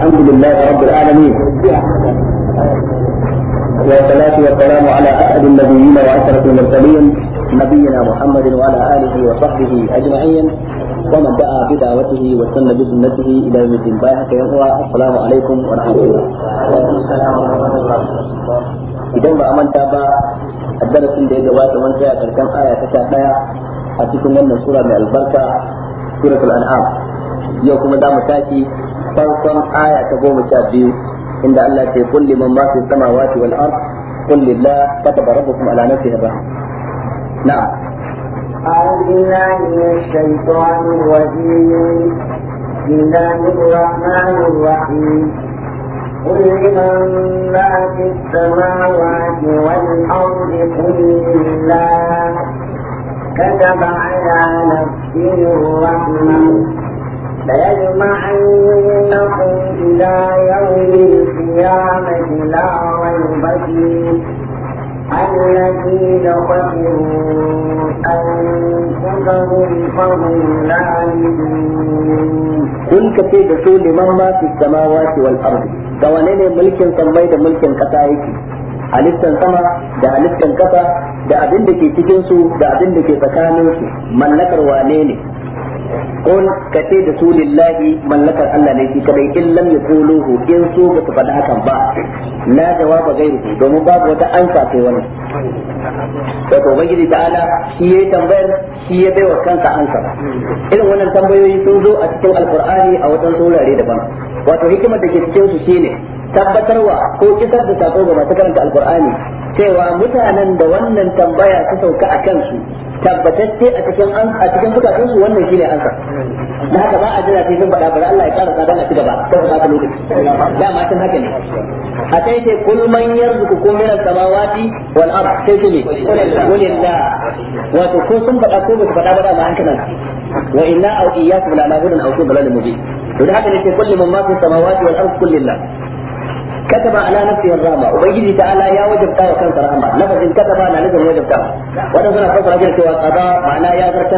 الحمد لله رب العالمين والصلاة والسلام على أحد النبيين وأسرة المرسلين نبينا محمد وعلى آله وصحبه أجمعين ومن دعا بدعوته وسن بسنته إلى يوم الدين باهك يا السلام عليكم ورحمة الله idan ba a manta الدرس a darasin da ya gabata mun tsaya karkan aya ta sha daya سورة cikin wannan sura mai albarka farkon aya ta goma sha biyu inda Allah ce qul liman ma fi samawati wal ard qul lillah kataba rabbukum ala nafsihi rahmah na'am أعوذ بالله من الشيطان الرجيم بسم الله الرحمن الرحيم قل لمن ما في السماوات والأرض قل لله كتب على نفسه الرحمة ليجمعنكم إلى ka ce da su liman ma fi samawati wal ardi da wane ne mulkin sammai da mulkin kasa yake halittan sama da halittan kasa da abin da ke cikinsu da abin da ke tsakanin mallakar wane ne قل كتيد رسول الله من لك الله ليس كبي إن لم يقولوه إن سوق فقد أكم با لا جواب غيره دوم باب وتأنسى في ونه wato ubangiji ta'ala shi yayi tambayar shi ya baiwa kansa ansa irin wannan tambayoyi sun zo a cikin alqur'ani a wajen saurare daban wato hikimar da ke cikin su shine tabbatarwa ko kisar da sako ga masu karanta alkur'ani cewa mutanen da wannan tambaya ta sauka a kansu tabbatacce a cikin an a cikin bukatun su wannan shine ansa da haka ba a jira sai mun faɗa bari Allah ya ƙara sadan a cigaba ko ba ka lokaci ma tun haka ne a sai sai kul man yarzuqukum min as-samawati wal ard sai ce ne qul inna to ko sun faɗa ko ba su faɗa ba da ma wa inna au iyyakum la nahudun au kullu dalalin to da haka ne sai kullu man ma fi samawati wal ard kullu كتب على نفسه الرحمه وبيجي تعالى يا وجب تاو كان رحمه لفظ كتب على نفسه وجب تاو وانا سنة فضل اجل سوى قضاء معنى يا ذركس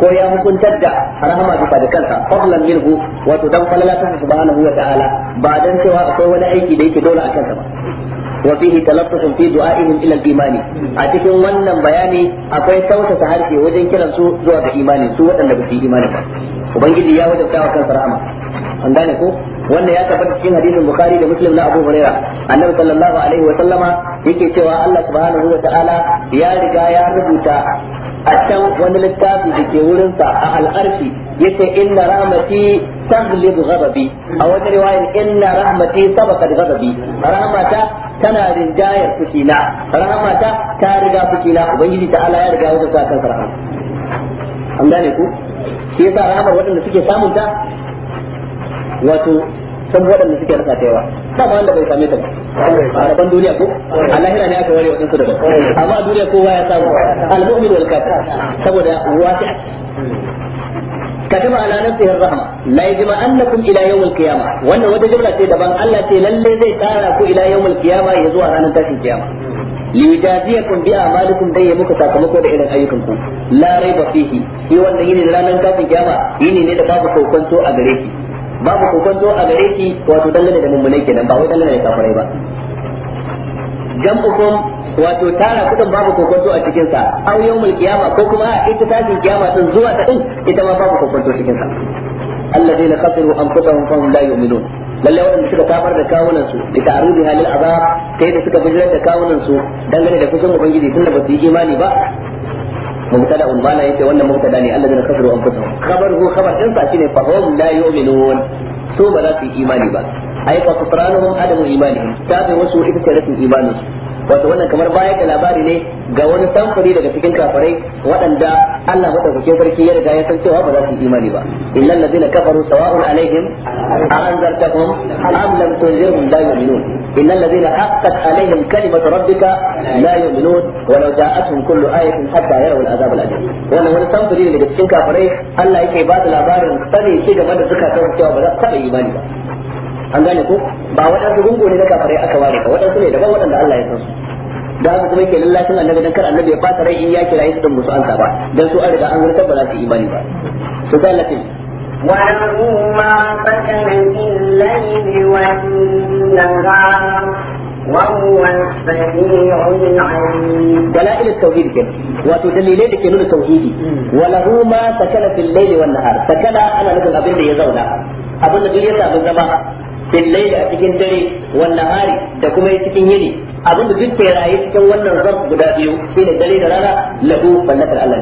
كو يا مكن تدع رحمه بك ذكرها فضلا منه وتدوم فلا سبحانه وتعالى بعد ان سوى اقوى ولا ايكي ديك دولة اكثر وفيه تلطف في دعائهم الى الايمان اتكن wannan bayani akwai tausasa harshe وجن كلا su zuwa ga imani su waɗanda ba su yi imani ba ubangiji ya wajabta wa wannan ya tabbata cikin hadisin bukhari da muslim na abu huraira annabi sallallahu alaihi wa sallama yake cewa Allah subhanahu wa ta'ala ya riga ya rubuta a can wani littafi da ke wurinsa a al'arfi yace inna rahmati taghlibu ghadabi a wani riwayar inna rahmati sabaqat ghadabi rahmata tana rinjayar fushina rahmata ta riga fushina ubangiji ta'ala ya riga wata sa kansa rahama an gane ku shi yasa rahamar waɗanda suke samun ta wato san waɗanda suke rasa ta yawa ba ma wanda a wannan wata jumla ce daban Allah ce lalle zai tara ku ya zuwa ranar tashin kiyama liyajziyakum bi a'malikum ya muka sakamako da irin ayyukan ku la rayba fihi shi wannan yini ranar kiyama yini ne da babu kokonto a gare babu kokonto a gare shi wato dangane da mummunai kenan ba wai dangane da kafirai ba jam'ukum wato tara kudin babu kokonto a cikin sa aw yawmul qiyama ko kuma a ita tashin kiyama din zuwa ta din ita ma babu kokonto cikin sa alladheena khasiru anfusahum fa hum la yu'minun lalle waɗanda suka kafar da kawunan su da ta'arudi halil azab kai da suka bijirar da kawunan su dangane da kusan ubangiji tunda ba su yi imani ba مبتدا ما لا يتي wannan mubtada ne alladheena kafaru anfusahum khabaruhu khabar din sa shine fa hum la yu'minun su ba za su imani ba ai fa kutranuhum adamu imanihim tabi wasu ita ce rasin imanin wato wannan kamar baya da labari ne ga wani samfuri daga cikin kafirai waɗanda Allah madaukakin sarki ya riga ya san cewa ba za su yi imani ba illal ladina kafaru sawa'un alaihim a anzartakum am lam tunzirhum la yu'minun illal ladina haqqat alaihim kalimatu rabbika la yu'minun wa law ja'atuhum kullu ayatin hatta yaraw al'azab al'adim wannan wani samfuri ne daga cikin kafirai Allah yake ba da labarin sani shi game da suka kawo cewa ba za su yi imani ba an gane ko ba waɗansu gungu ne na kafirai aka ware ka waɗansu ne daban waɗanda Allah ya san su da haka kuma yake lallacin annabi dan kar annabi ya fata rai in ya kira su dan musu ansa ba dan su an riga an gurtar ba za su imani ba su ga lafi وله ما سكن في الليل والنهار وهو السميع العليم دلائل التوحيد كده wato dalilai da ke nuna tauhidi walahu ma sakana fil layli wan nahar sakana ana nufin abin da ya zauna abin da duk ya samu zama bil layli a cikin dare wan hari da kuma cikin yini abin da duk ya rayu cikin wannan zan guda biyu shi ne dare da rana lahu ballatar Allah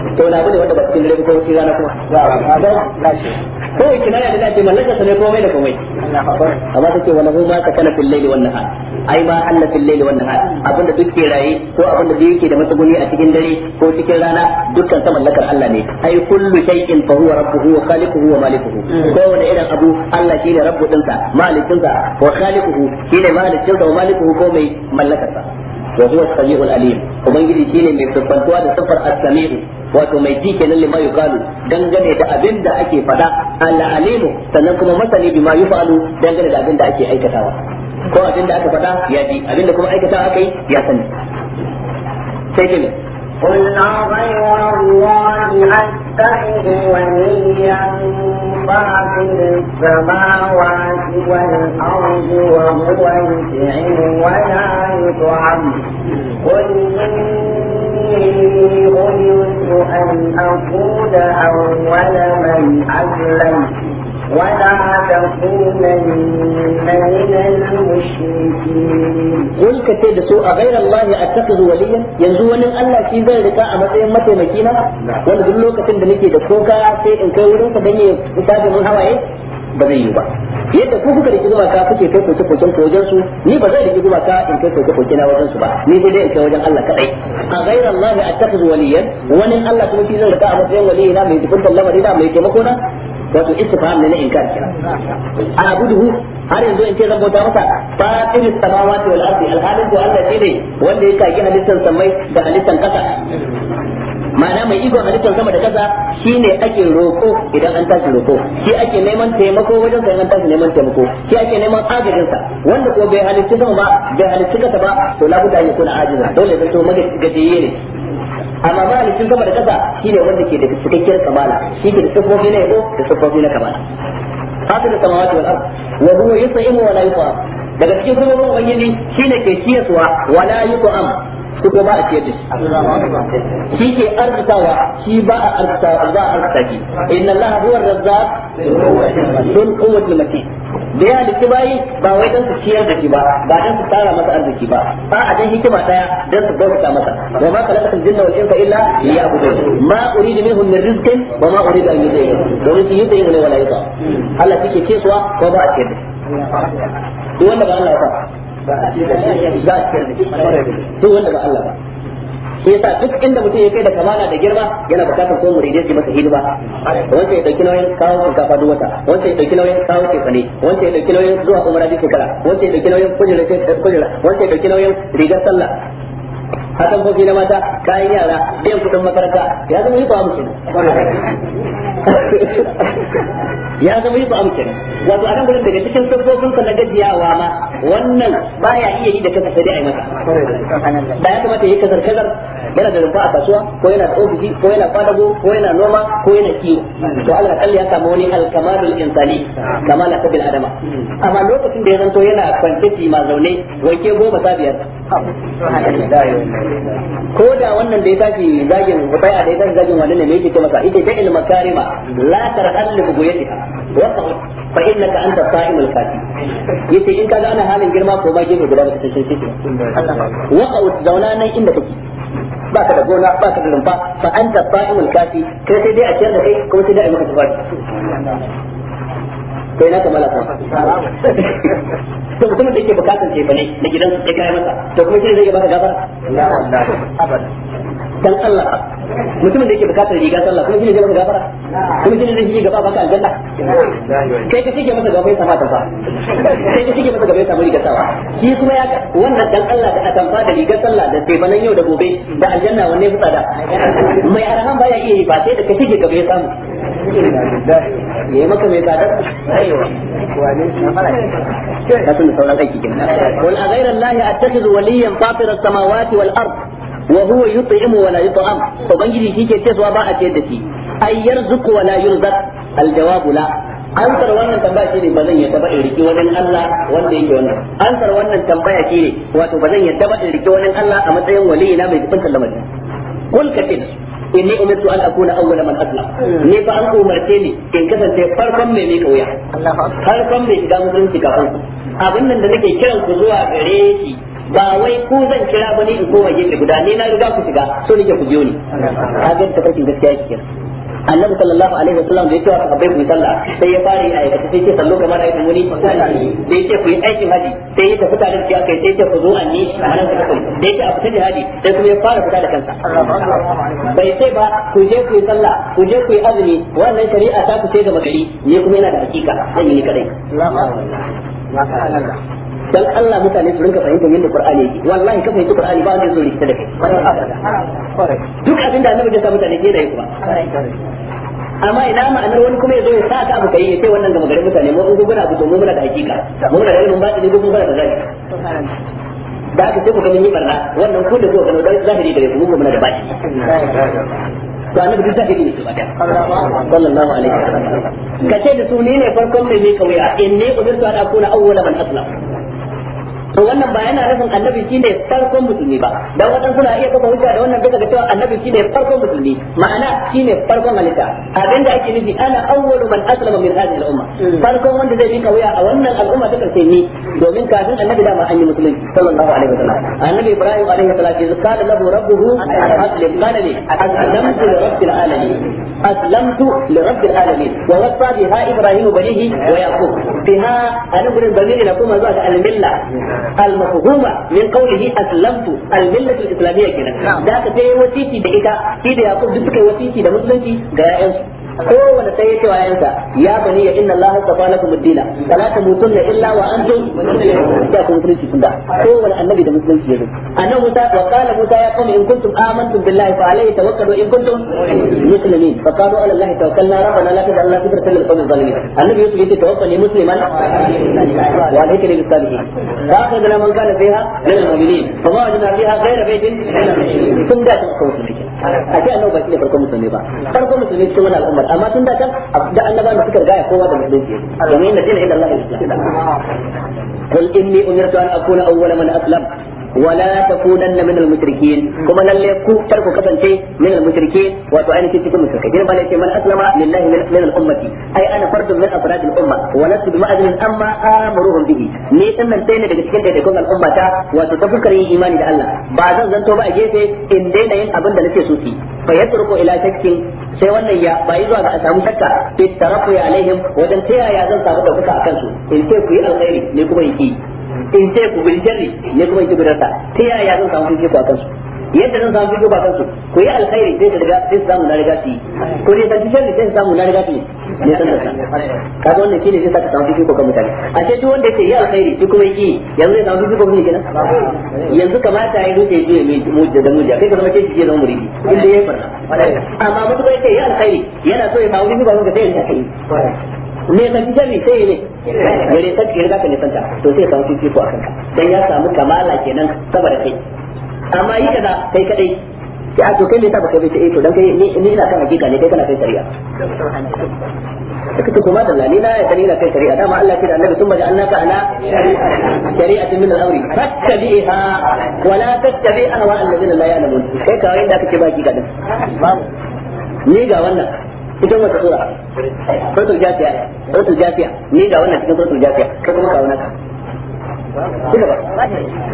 ne to na bude wanda ba cikin dare ko cikin rana kuma ko na da ake mallaka sa ne komai da komai amma take wala ma ka kana fil laili wan nahar ai ma Allah fil laili wan nahar abin da duk ya rayu ko abin da yake da matsuguni a cikin dare ko cikin rana dukkan sa mallakar Allah ne ai kullu shay'in fa huwa rabbuhu wa khaliquhu wa malikuhu ko wani irin abu Allah shine rabbu dinsa malikinsa wa khaliquhu shine malikinsa wa malikuhu ko mai kai mallakarsa wa huwa as-sami'ul alim ubangiji shine mai tsufantuwa da sifar as-sami'u wato mai ji kenan lima yuqalu dangane da abin da ake fada al-alimu sannan kuma masani ma yufalu dangane da abin da ake aikatawa ko abin da aka fada ya ji abin da kuma aikatawa akai ya sani sai kenan قل أغير الله أتخذ وليا ما في السماوات والأرض وهو يطعم ولا يطعم قل إني أمرت أن أكون أول من أسلم ولا تكونن من المشركين قل كتير سوء غير الله أتخذ وليا ينزو ولن الله في ذلك أمتين متى مكينا ولا دلو كتير دنكي دفوكا سيء انكورين فدني إتابة من هواي ba zai ba yadda ku kuka riki gumaka kuke kai koke koken wajen su ni ba zai riki gumaka in kai koke koke na wajen su ba ni sai dai in kai wajen Allah kadai a ghayra Allah attakhidhu waliyan wani Allah kuma shi zai rika a matsayin waliyina mai dukkan lamari da mai taimako na wato istifham ne na inkar kira ana buduhu har yanzu in ce zan bauta masa fatin samawati wal ardi alhalin ko Allah ne wanda ya kaki halittar samai da halittar kasa ma'ana mai igon halittar sama da kasa shine ake roko idan an tashi roko shi ake neman taimako wajen sai an tashi neman taimako shi ake neman agajin sa wanda ko bai halitta sama ba bai halitta kasa ba to labuda ya kuna ajiza dole zan to magajiye ne amma mahalicin sama da kasa shine wanda ke da cikakkiyar kamala shi ke da siffofi na yabo da siffofi na kamala da samawati wal ard wa huwa yus'imu wa la yut'am daga cikin sifofin ubangiji shine ke kiyaswa wa la yut'am ko ba a ciyar da shi shi ke arzikawa shi ba a arzikawa ba a arzika inna allaha huwa ar-razzaq dhul quwwati matin da ya da kibayi ba wai dan su ciyar da shi ba ba dan su tara masa arziki ba ba a dan hikima daya dan su bauta masa wa ma khalaqatul jinna wal insa illa liya'budun ma uridu minhum min rizqin wa ma uridu an yudayyin domin shi yudayyin ne wala yusa Allah take ce suwa ko ba a ce da shi wanda ba Allah ba ba a ce da shi za a ciyar da shi duk wanda ba Allah ba sai sa duk inda mutum ya kai da kamala da girma yana bukatar ko muride su masa hidima wanda ya dauki nauyin kawo kafa duk wata wanda ya dauki nauyin kawo kefane wanda ya dauki nauyin zuwa umara duk shekara wanda ya dauki nauyin kujera eh, kujira wanda ya dauki nauyin rigar sallah hatan kofi na mata kayan yara biyan kudin makaranta ya zama yi ba mu ya zama yi ba'am kenan wato a nan gurin daga cikin sabbobin ka na gajiyawa ma wannan ya iya yi da kasa sai dai yi masa. Ba ya kamata yayi kazar kazar yana da rumfa a kasuwa ko yana da ofishi ko yana kwadago ko yana noma ko yana kiwo to Allah kalli ya samu wani alkamalul insani kamala ta bil adama amma lokacin da ya zanto yana kwance ma zaune wanke goma biyar. ko da wannan da ya tafi zagin rufai'a da ya tafi zagin wani ne mai yake ce masa ita ta ilma karima la tarhal li bughyatiha wa fa innaka anta sa'imul kafi yace in kaga ana halin girma ko ba gefe guda ba ta sai sai wa qawt zauna nan inda kake ka da gona ba ka da rumfa fa anta sa'imul kafi kai sai dai a ciyar da kai ko sai dai a maka tufafi kai na kamala ta to mutum da yake bukatan ce bane na gidan ya kai masa to kuma shi zai baka gafara dan Allah mutumin da yake bukatar riga sallah kuma shine zai masa gafara kuma shine zai yi gaba baka aljanna kai ka shige masa gaba ya sama ta fa sai ka shige masa gaba ya samu riga sawa shi kuma ya wannan dan Allah da atamfa da riga sallah da sai banan yau da gobe da aljanna wanne ya tsada mai arhan baya iya yi ba sai da ka shige gaba ya samu yayi maka mai tsada aiwa wani ka tunda sauran aiki kin wal a ghayra allahi attakhidhu waliyan fatira as-samawati wal wa huwa yut'imu wa la yut'am ubangiji shi ke cewa ba a ciyar da shi ay yarzuqu wa la al jawabu ansar wannan tambaya shine ba zan yadda ba in riki wani Allah wanda yake wannan ansar wannan tambaya shine wato ba zan yadda ba in riki wani Allah a matsayin waliyi na mai tsanta lamari kul katil inni umirtu an akuna awwala man aslam ni fa an umarce ni in kasance farkon mai mika wuya farkon mai shiga musulunci kafin abin nan da nake kiran ku zuwa gare shi ba wai ku zan kira ba ni in koma gefe guda ne na riga ku shiga so nake ku biyo ni ga ta farkin gaskiya yake annabi sallallahu alaihi wasallam da ya ka bai ku sallah sai ya fara yi aikata sai ce sallo kamar ayyukan wani da yake ku yi aikin haji sai ya tafi tare da kai sai ce ku zo an ni a nan ka tafi da ya a fita jihadi sai kuma ya fara fita da kansa bai sai ba ku je ku yi sallah ku je ku yi azumi wannan shari'a ta ku sai da magari ne kuma yana da hakika zan yi ni kadai dan Allah mutane su rinka fahimtar yadda Qur'ani yake wallahi ka fahimci Qur'ani ba wanda ya so ta da kai duk abinda annabi ya sa mutane ke da yi kuma amma ina ma'anar wani kuma ya zo ya sa ka abu kai ya ce wannan gama garin mutane mu in abu to mu muna da hakika mu muna da ilimin batini gugu muna da zaki da aka ce ku ganin yi barna wannan ku da ku da zahiri da ku muna da bashi to annabi duk zahiri ne su ba sallallahu alaihi wasallam da su ne farkon mai mai kauya inni umirtu an akuna awwala man aslama to wannan ba yana nufin annabi shine farkon musulmi ba dan wadan suna iya kafa hujja da wannan duka da cewa annabi shine farkon musulmi ma'ana shine farkon halitta abinda ake nufi ana awwalu man aslama min hadhihi al-umma farkon wanda zai bika wuya a wannan al'umma ta karshe ni domin kafin annabi da ma an yi musulmi sallallahu alaihi wasallam annabi ibrahim alaihi salam ya kana lahu rabbuhu aslim qala li aslamtu li rabbil alamin aslamtu li rabbil alamin wa wasa biha ibrahim banihi wa yaqub biha ana banihi la na kuma zuwa ga al-milla المفهومه من قوله اسلمت المله الاسلاميه كده ذاك تي وسيتي دقيقة كده يقول دسك وسيتي ده مسلمتي ده kowane sai ya ce wa yansa ya bani ya inna allaha safa lakum ad-dina fala tamutunna illa wa antum ya ku musulunci tunda kowane annabi da musulunci ya zo annabi Musa wa kala Musa ya qawmi in kuntum amantum billahi fa alayhi tawakkalu in kuntum muslimin fa qalu ala allahi tawakkalna rabbana la tad'alna fitratan lil qawmi zalimin annabi Yusuf yace tawakkali musliman wa alayka lil salihin fa akhadna man kana fiha min al-mu'minin fa ma wajadna fiha ghayra baytin tunda kun kawo su cikin a ce annabi ba shi ne farkon musulmi ba farkon musulmi cikin wannan al'umma Muhammad amma tun da kan da annaba da suka gaya kowa da musulunci domin inna dina inda Allah ya kul inni umirtu an akuna awwala man aslama wala takunanna minal mushrikin kuma lalle ku kar kasance minal mushrikin wato ainihin cikin mushrikai din bala ce man aslama lillahi min al ummati ai ana fardun min afrad al umma wa lastu bi ma'adin amma bihi ni din nan sai ne daga cikin daidaikon al umma wato ta fuskar yin imani da Allah ba zan zanto ba a gefe in daina yin abin da nake so su fa yatruku ila shakkin sai wannan ya bai zuwa ga a samu shakka fi tarafu alaihim wajen ta yaya zan samu dauka a kansu in sai ku yi alkhairi ne kuma yi in ce ku bil jari ne kuma in ki gudarsa ta yaya zan samu fifiko a kansu yadda zan samu fifiko a kansu ku yi alkhairi sai riga sai su samu na riga su yi ku ne tantu jari sai su samu na riga su yi ne san da kaga wannan shine sai ka samu fifiko kan mutane a ce duk wanda yake yi alkhairi duk kuma yake yanzu zai samu fifiko ne kenan yanzu kamata ya rufe ya mai mu da mu kai ka zama ce shi zama muridi inda yayi farna amma mutum yake yi alkhairi yana so ya samu fifiko kan sai ya kai me san ki jami sai ne gare san ki riga ka ne santa to sai samu fifiko a kanka dan ya samu kamala kenan saboda kai amma yi kaza kai kadai ya to kai me yasa baka bai eh, to dan kai ni ina kan hakika ne kai kana kai shari'a kace kuma da lalina ya tani na kai shari'a dama Allah ce da annabi sun maja annaka ala shari'atin min al-amri fattabi'ha wa la tattabi ahwa alladhina la ya'lamun kai kawai da kake baki ga ni ga wannan cikin wata sura suratul jafiya suratul jafiya ni ga wannan cikin suratul jafiya ka kuma ga wannan ci gaba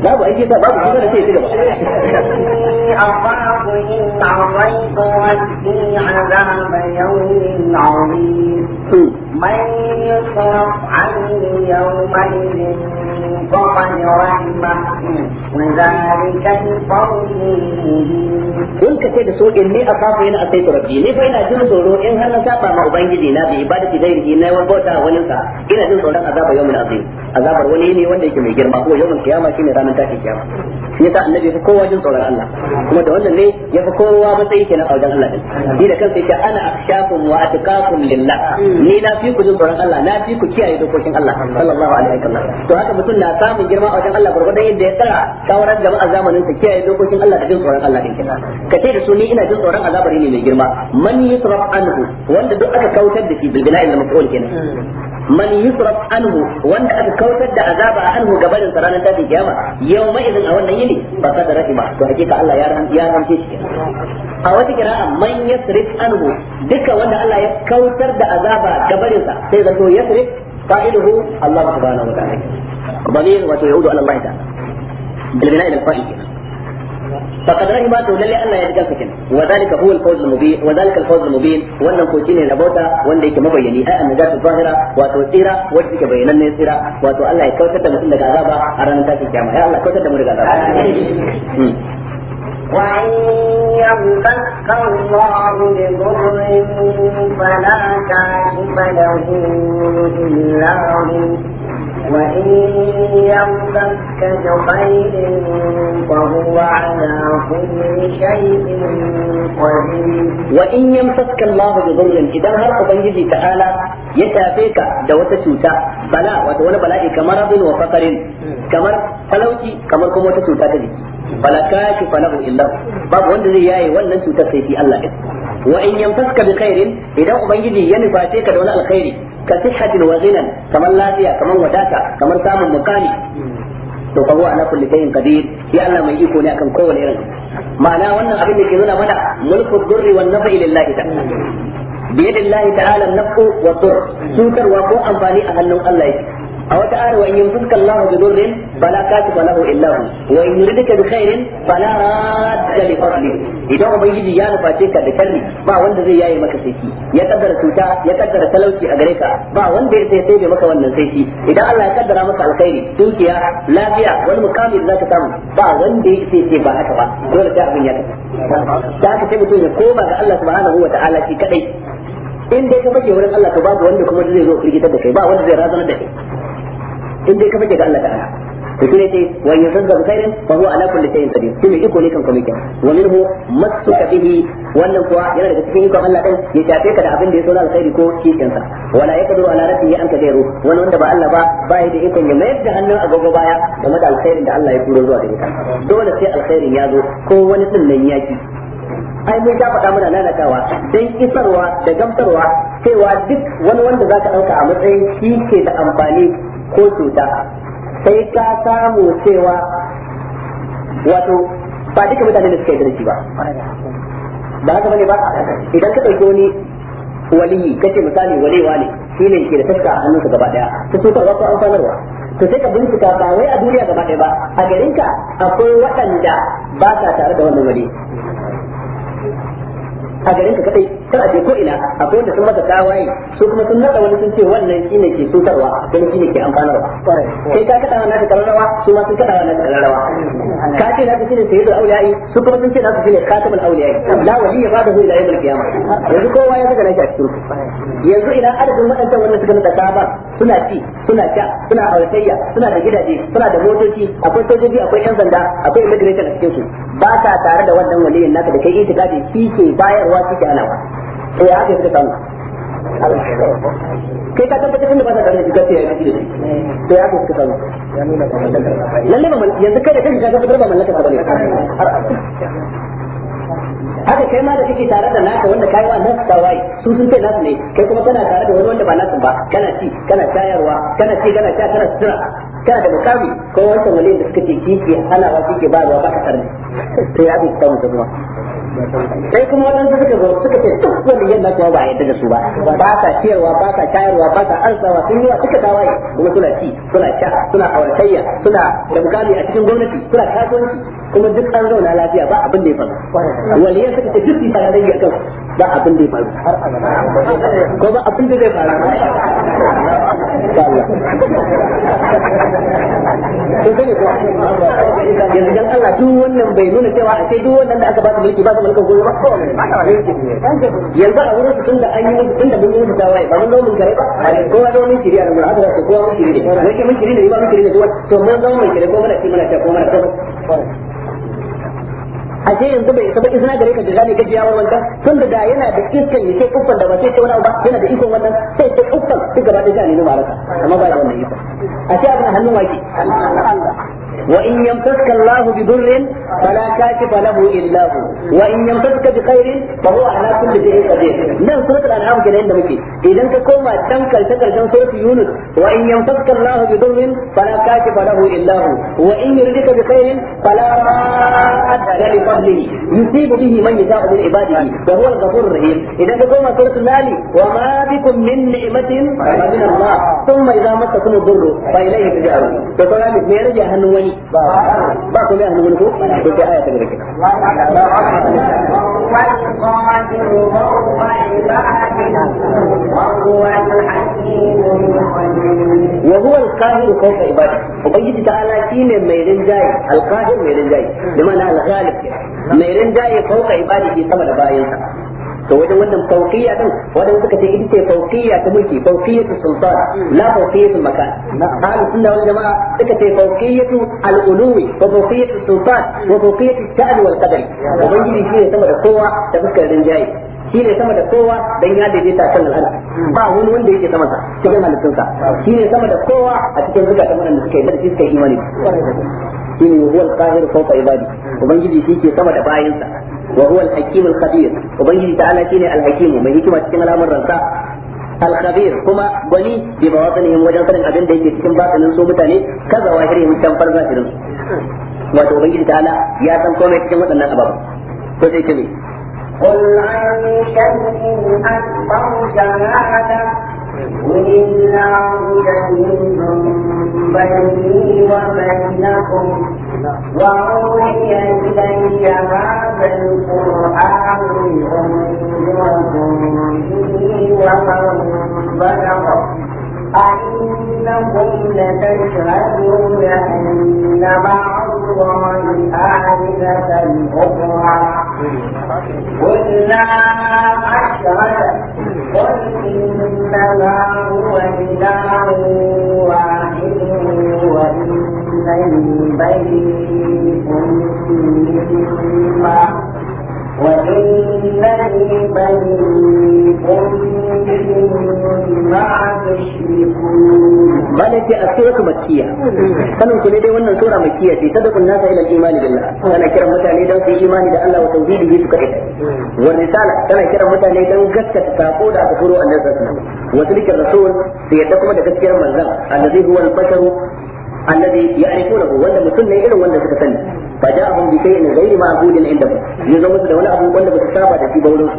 babu aiki ba babu kuma da sai ci gaba Allahu inna ghaibu wa fi 'adaba فقد رحمه kun ka ce da su in ni asafu yana asai rabbi ina jin tsoro in har na saba ma ubangiji na na wa bauta wani sa ina jin tsoron azabar wani ne wanda yake mai girma ko kiyama annabi fa kowa jin tsoron Allah kuma da wannan ne ya fa kowa matsayi kenan a wajen Allah din ni da kansa yake ana wa atqakum ni na fi ku jin tsoron Allah na fi ku kiyaye dokokin Allah sallallahu alaihi wasallam to haka mutum na na samun girma a wajen Allah gurgurdan yadda ya tsara shawarar jama'a zamanin sa kiyaye dokokin Allah da jin tsoron Allah din kenan ka ce da su ni ina jin tsoron azabar ne mai girma man yusraf anhu wanda duk aka kautar da shi bil kenan man yusraf anhu wanda aka kautar da azaba anhu gabanin sa ranar tafi kiyama yawma idan a wannan yini ba ka da rahima to hakika Allah ya rahama ya rahama shi a wata kira'a man yasrif anhu duka wanda Allah ya kautar da azaba gabanin sa sai zato yasrif fa'iluhu Allah subhanahu wa ta'ala ضمير وسيعود على الله تعالى بالبناء للقائل فقد رغبت لله أن يتكفك وذلك هو الفوز المبين وذلك الفوز المبين وأن كوتين الأبوتا وأن ديك مبيني أي النجاة الظاهرة وتوسيرة وجهك بين النسيرة وتو الله يكوتة مثل لك عذابا أرانا تاتي الكامة يا الله كوتة مرق عذابة وإن يمسك الله بضر فلا كاشف له إلا هو وإن يمسك بخير فهو على كل شيء قدير وإن يمسك الله بضر إذا هل أبنجي تعالى يتافيك دوت سوتا بلاء وتولى بلاء كمرض وفقر كمر talauci kamar kuma wata cuta ta jiki bala kashi falahu illa babu wanda zai yaye wannan cutar sai Allah din wa in yamtaska idan ubangiji ya nuface ka da wani alkhairi ka hadin wa ghinan kamar lafiya kamar wadata kamar samun mukami to fa huwa ala kulli shay'in qadir ya Allah mai iko ne akan kowane irin ma'ana wannan abin da ke nuna mana mulku durri wan nafi lillahi ta'ala bi yadillahi ta'ala nafu wa dur cutarwa ko amfani a hannun Allah yake أو تعالى وإن يمسسك الله بضر فلا كاشف له إلا هو وإن يردك بخير فلا راد لفضله إذا هو بيجي يا نفاتيك بكري ما وند زي ياي مكا سيكي يقدر توتا يقدر تلوشي أغريكا ما وند زي سيبي مكا وند سيكي إذا الله يقدر مكا الخير توكيا لا فيا والمقام إذا كتام ما وند زي سيبي باهاك با دولة أبن يكا تاكا سيبتوني كوما الله سبحانه وتعالى في كدي in dai ka bake wurin Allah to babu wanda kuma zai zo firgitar da kai ba wanda zai razana da kai in dai ka fake ga Allah ta'ala to ne ce wa in yuzza bi khairin fa huwa ala kulli shay'in qadir shi iko ne kan komai wa minhu masuka bihi wannan kuwa yana daga cikin ikon Allah din ya shafe ka da abin da ya so na alkhairi ko cikin sa wala yaqdiru ala rafihi an kadiru wani wanda ba Allah ba ba ya da ikon ya mayar da hannun agogo baya game da alkhairin da Allah ya turo zuwa gare ka dole sai alkhairin ya zo ko wani din nan ci. ai mun ta faɗa muna dan isarwa da gamsarwa cewa duk wani wanda za ka ɗauka a matsayin shi ke da amfani ko cuta sai ka samu cewa wato ba duka mutane da suka yi da ba ba haka bane ba idan ka ɗauki wani waliyi kace misali walewa ne shi ne ke da taska a hannunsa gaba daya ta cutarwa an amfanarwa to sai ka bincika ba wai a duniya gaba daya ba a garinka akwai waɗanda ba sa tare da wannan wali a garin ka kadai kar a je ko ina akwai wanda sun masa tawaye su kuma sun nada wani sun ce wannan shine ke tutarwa dan shine ke amfanarwa kai ka kada wannan ka rawa su ma sun kada wannan ta rawa ka ce na shine da auliyai su kuma sun ce na shine khatamul auliyai la waliya ba da hu ila yawmil qiyamah yanzu kowa ya zaga nashi a cikin yanzu ina adadin waɗannan wannan suka nada tawaba suna ci suna sha suna auratayya suna da gidaje suna da motoci akwai sojoji akwai yan sanda akwai immigration a cikin su ba ta tare da wannan waliyin naka da kai itikadi shi ke bayarwa shi ke alawa to ya haka suka samu kai ka tabbatar da ba ta tare da gaske ya yi to ya haka suka samu lalle ba ne yanzu kai da kanka ka tabbatar ba mallaka ka ne haka kai ma da kake tare da naka wanda kai wannan tawaye su sun ce nasu ne kai kuma kana tare da wani wanda ba nasu ba kana ci kana tayarwa kana ci kana sha kana sutura kana da mukami ko wancan wali da suka ce kike halawa kike ba ruwa ba ka tarbi to ya bi ta mutum sai kuma waɗansu suka zo suka ce duk wani yadda kuma ba a yadda da su ba ba ta ciyarwa ba ta cayarwa ba ta arzawa sun yi wa suka dawaye kuma suna ci suna ci suna auratayya suna da mukami a cikin gwamnati suna kasuwanci kuma duk an zauna lafiya ba abin da ya faru waliyan suka ce duk isa da akan ba abin da ya faru ko ba abin da zai faru ba Allah yanzu dan Allah duk wannan bai nuna cewa a sai duk wannan da aka ba su mulki ba su rinka goyo ba kawai ba ta wani yanzu a wurin tun da an yi tun da mun yi musu waye ba mun zo mun kare ba kowa zo mun shiri a nan haka ko kowa mun shiri ne wai mun shiri ne ba mun shiri ne to mun zo mun kare ko mana ci mana ta ko mana ta ashe yanzu bai saba izina gare ka da zane gajiyawar wanka tun da da yana da iskan yake kuffan da ba sai ta wani abu ba yana da ikon wannan sai ta kuffan duk gaba da jani ne malaka amma ba da wannan iko ashe abin hannun wake wa in yamtaska bi durrin فلا كاشف له الا هو وان يمسسك بخير فهو على كل شيء قدير نعم سوره الانعام كده عند مكي اذا انت كوما تنكل تكل سوره يونس وان يمسسك الله بضر فلا كاشف له الا هو وان يردك بخير فلا راد لفضله يصيب به من يشاء من عباده وهو الغفور الرحيم اذا انت كوما سوره النال وما بكم من نعمه فمن الله ثم اذا مسكم الضر فاليه تجارون فقال لك ما يرجع هنوني با كل هنوني duk da aya ta gare kika wa huwa al fawqa ibadihi ubangiji ta'ala shine mai rinjaye al-qahir mai rinjaye bi ma'ana mai rinjaye fawqa sama da bayansa to wajen wannan fawqiyya din wajen suka ce ita ce fawqiyya ta mulki ta sultan la fawqiyyatu makan ahlu sunna wal jamaa suka ce fawqiyyatu al-ulumi wa ta sultan wa ta sha'an wal qadari ubangiji shi ne sama da kowa da fuskar rinjaye shi ne sama da kowa dan ya ta kan al'ada hmm. ba wani wanda yake sama sa cikin halittunsa shi ne sama da kowa a cikin zukatan wanda suka yi da suka yi imani shi ne huwa al-qahir fawqa ibadi hmm. ubangiji shi ke sama da bayinsa wa huwa al-hakim al-khabir ubangiji ta'ala shine al-hakim mai hikima cikin al'amuran sa al-khabir kuma gwani bi bawatanihim wajen sanin abin da yake cikin batinin su mutane kaza wahirihim can farza irin wato ubangiji ta'ala ya san komai cikin waɗannan ababu قل عن شيء أكبر شهادة قل الله شهيد بيني وبينكم وأوحي إلي هذا القرآن لأنذركم به ومن بلغ Akina kun na da shi har yanzu na basu wani aji na ta yi wa kina yin baiƙin ko وإنني بريء مما تشركون مالك السورة مكية sanin ku ne dai wannan sura makkiya ce ta dakun nasa ila imani billah tana kiran mutane dan su imani da Allah wa tauhidihi su kai wa risala tana kiran mutane dan gaskata sako da aka turo annabi sallallahu alaihi wasallam wa tilka rasul su yadda kuma da gaskiyar manzon allazi huwa al-basharu allazi ya'rifunahu wanda mutum ne irin wanda suka sani فجاءهم بشيء غير معقول عندهم يزوم da wani abu wanda ba su saba da shi ba wurin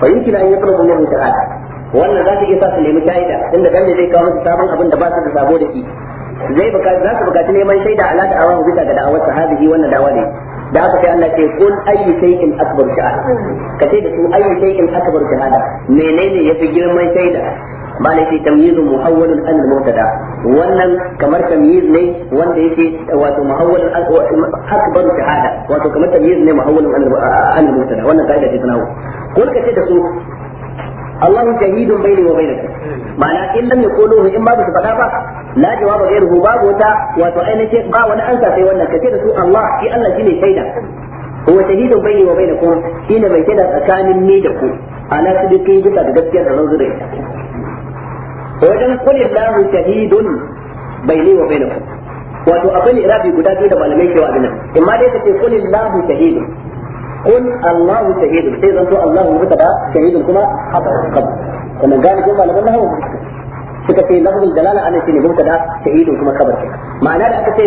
fa yumkin an yaqulu Allah ta'ala wannan za ta iya sa su nemi shaida inda dan ne zai kawo musu sabon abin da ba su da sabo da shi zai bukaci neman shaida ala da'awa bisa ga da'awar sahabihi wannan da'awa ne da aka kai Allah ce kul ayyu shay'in akbar shahada kace da su aka in akbar shahada menene yafi girman shaida ما ليس تمييز محول عن المبتدا wannan kamar tamyiz ne wanda yake wato muhawwal akbar shahada wato kamar tamyiz ne muhawwal an al-mubtada wannan kaida ce tanawu ko kace da su Allah shahidun baini wa bainaka ma'ana in lam yaquluhu in ba su faɗa ba la jawaba ghayruhu babu wata wato ainihin ba wani an sai wannan kace da su Allah shi Allah shine shaida هو شهيد بيني وبينكم حين بيتنا أكان ميدكم على سبيل كيف تقدر تجد wajen kulillahu shahidun baini wa bainakum wato akwai irabi guda biyu da malamai cewa abin nan imma dai kace kulillahu shahidun kun Allahu shahidun sai zanto Allahu mutada shahidun kuma haka kuma gani ko malamai na nahawu suka ce lafzul dalala ana shine mubtada shahidun kuma kabar ma'ana da aka ce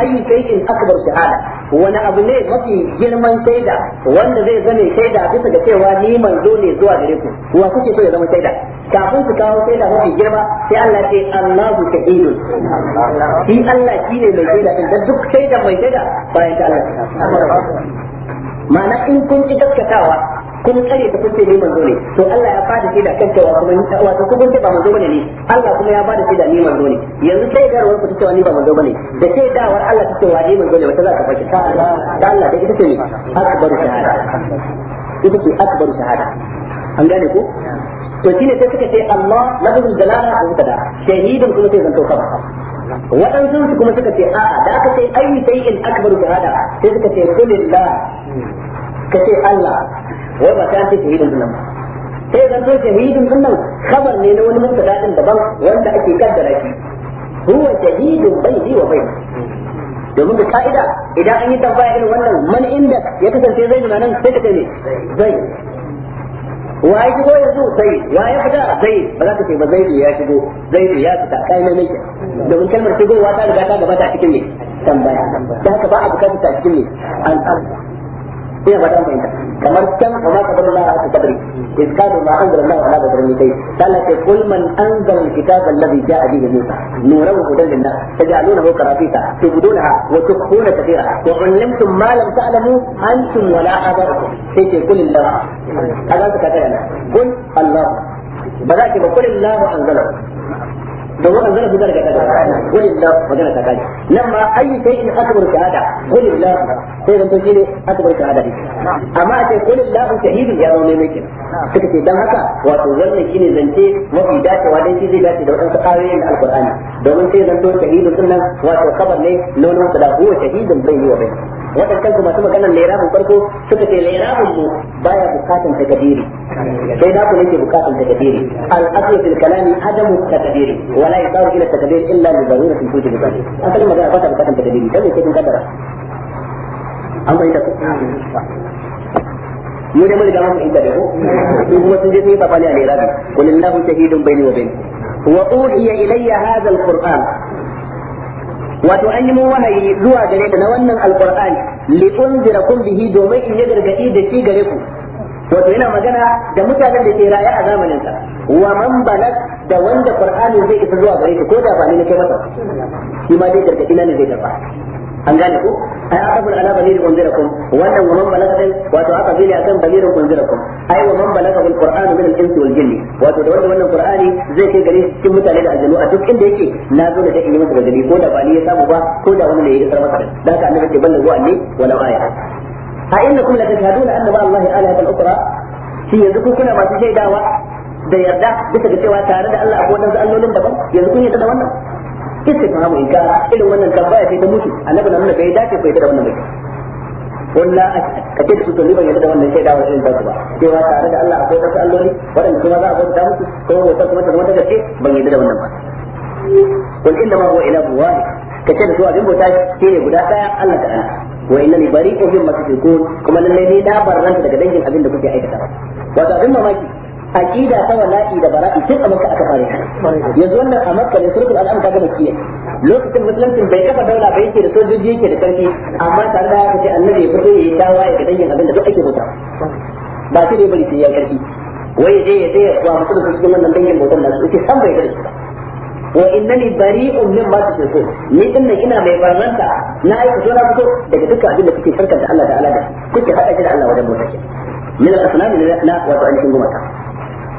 ayi shay'in akbar shahada wani abu ne mafi girman shaida wanda zai zame shaida bisa ga cewa ni manzo ne zuwa gare ku wa kuke so ya zama shaida kafin su kawo shaida mafi girma sai Allah ce Allahu shahidun shi Allah ne mai shaida din da duk shaida mai shaida bayan ta Allah ma'ana in kun ki gaskatawa kun tsare ta kuke ni manzo ne to Allah ya bada da kanta wa kuma wato ku kun ce ba manzo bane ne Allah kuma ya bada da ni manzo ne yanzu sai da ku ta cewa ni ba manzo bane da sai da war Allah ta cewa ni manzo ne wata za ta faɗi ta Allah da Allah da ita ce ni akbaru shahada ita ce akbaru shahada an gane ku. to shine sai suka ce Allah dalala a wuta mutada shahidin kuma sai zanto kaba waɗansu su kuma suka ce a da aka ce ayi in akbaru shahada sai suka ce kulillah ka ce Allah wai ba ta ce shahidin nan ba sai zan so shahidin nan khabar ne na wani mubtada daɗin daban wanda ake kaddara shi huwa bai baini wa baini domin da ka'ida idan an yi tambaya irin wannan man inda ya kasance zai nuna nan sai ka ce ne zai wa ya shigo yanzu sai wa ya fita zai ba za ka ce ba zai ne ya shigo zai ne ya fita kai na nake domin kalmar shigowa ta riga ta gabata a cikin ne tambaya da haka ba a bukatar ta cikin ne an ina fata mai kamar can wa ma qadara Allah haka kadri iz ma anzala Allah ala badrin min ce kul man wa wa wa la aba'ukum sai ce ka kada na kul Allah ba za ki ba kul da wa anzala daga daga kadara walillah magana ta kai nan ma ayi kai in akbar shahada walillah sai zan to shine akbar shahada ne amma a ce walillah shahidin ya zo ne mai kin suka ce dan haka wato wannan shine zance mafi dacewa dan shi zai dace da wadansu ayoyin alqur'ani domin sai zan to shahidin sunan wato kabar ne nonon da huwa shahidin bai yi wa bai waɗancan kuma su maganar lairafin farko suka ce lairafin mu baya bukatan takadiri sai na kuma yake bukatun takadiri al-asl fil kalami adamu takadiri wala yasaru ila takadiri illa li daruratin tujib zalik asali magana ba ta bukatan takadiri dan ne kin kaddara an bai ta mu ne mun ga mun inda da ko kuma sun je sun yi tafani a lairafin kulillahu shahidun bayni wa bayni wa uhiya ilayya hadha al-qur'an wato an yi mun wahayi zuwa gare da na wannan alqur'ani li unzirakum bihi domin in yi gargadi da shi gare ku wato yana magana da mutanen da ke raye a zamanin sa wa man balag da wanda qur'ani zai isa zuwa gare ku ko da ba ni na kai masa shi ma dai gargadi na ne zai karba an gane ko ai aqabul ala balil unzirakum wannan wa man balaga din wato aka bi akan balil unzirakum ai wa man balaga bil qur'an min al ins wal jinni wato da wanda wannan qur'ani zai kai gare cikin mutane da aljanu a duk inda yake na zo da ilimi daga gari ko da ba ni ya samu ba ko da wani ne ya isar masa da haka annabi ke balla zuwa ne wala aya a innakum la tashhaduna anna ma allahi alahatan ukra shi yanzu ku kuna masu shaidawa da yarda bisa ga cewa tare da Allah akwai wadansu allolin daban yanzu kun yarda da wannan kisa ta hamu ta mutu annabi a ba cewa tare da Allah akwai wasu waɗanda kuma a bauta musu ko wata kuma ta zama ta gaske ban yadda da wannan ba ma huwa da su abin bauta guda Allah wa kuma lalle ni na barranta daga dangin abin da kuke aikata wato abin mamaki aqida ta wala'i da bara'i duk a makka aka fare yanzu wannan a makka ne surkul al'am kaga makkiya lokacin musulunci bai kafa daula bai yake da sojoji yake da sarki amma tare da haka sai annabi ya fito yayi tawaye ga yin abin da duk ake bauta ba shi ne bari sai ya karfi wai je ya je wa musulunci cikin wannan dangin bautan da suke san bai gari wa innani bari'un min mimma tushrikun ni inna ina mai barranta na aikata na fito daga dukkan abin da kuke farkar da Allah da Allah da kuke hada shi da Allah wajen bauta ke min al-asnam na wato alhin gumaka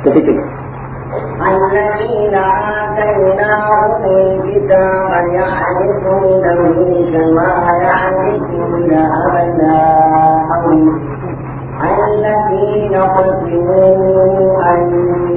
تتكلم الذين آتيناهم الكتاب يعرفونه كما يعرفون أبناءهم الذين قتلوا أن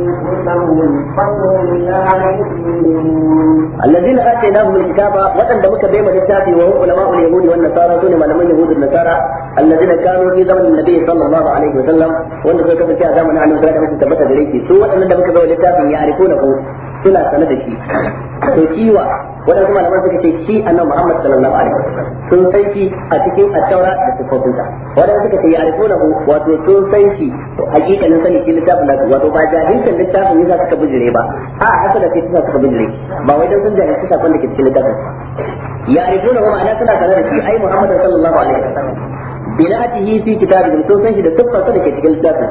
الذين آتيناهم الكتاب وقد muka بهم الكتاب وهم علماء اليهود والنصارى دون ما لمن يهود النصارى الذين كانوا في زمن النبي صلى الله عليه وسلم وان suka kasance a zamanin annabi sallallahu alaihi wasallam tabbata da rake su waɗannan da muka bai littafin ya arifuna ku suna sane da shi to kiwa kuma lamar suka ce shi annabi Muhammad sallallahu alaihi wasallam sun san shi a cikin at da da sifofinsa wadanda suka ce ya arifunahu wato sun san shi to hakikanin sani shi littafin nasu wato ba jahilcin littafin yasa suka bijire ba a da sai suka suka bijire ba wai dan sun jahilci sakon da ke cikin littafin ya arifunahu ma'ana suna sane da shi ai Muhammad sallallahu alaihi wasallam bi na'atihi fi kitabihi sun san shi da sifarsa da ke cikin littafin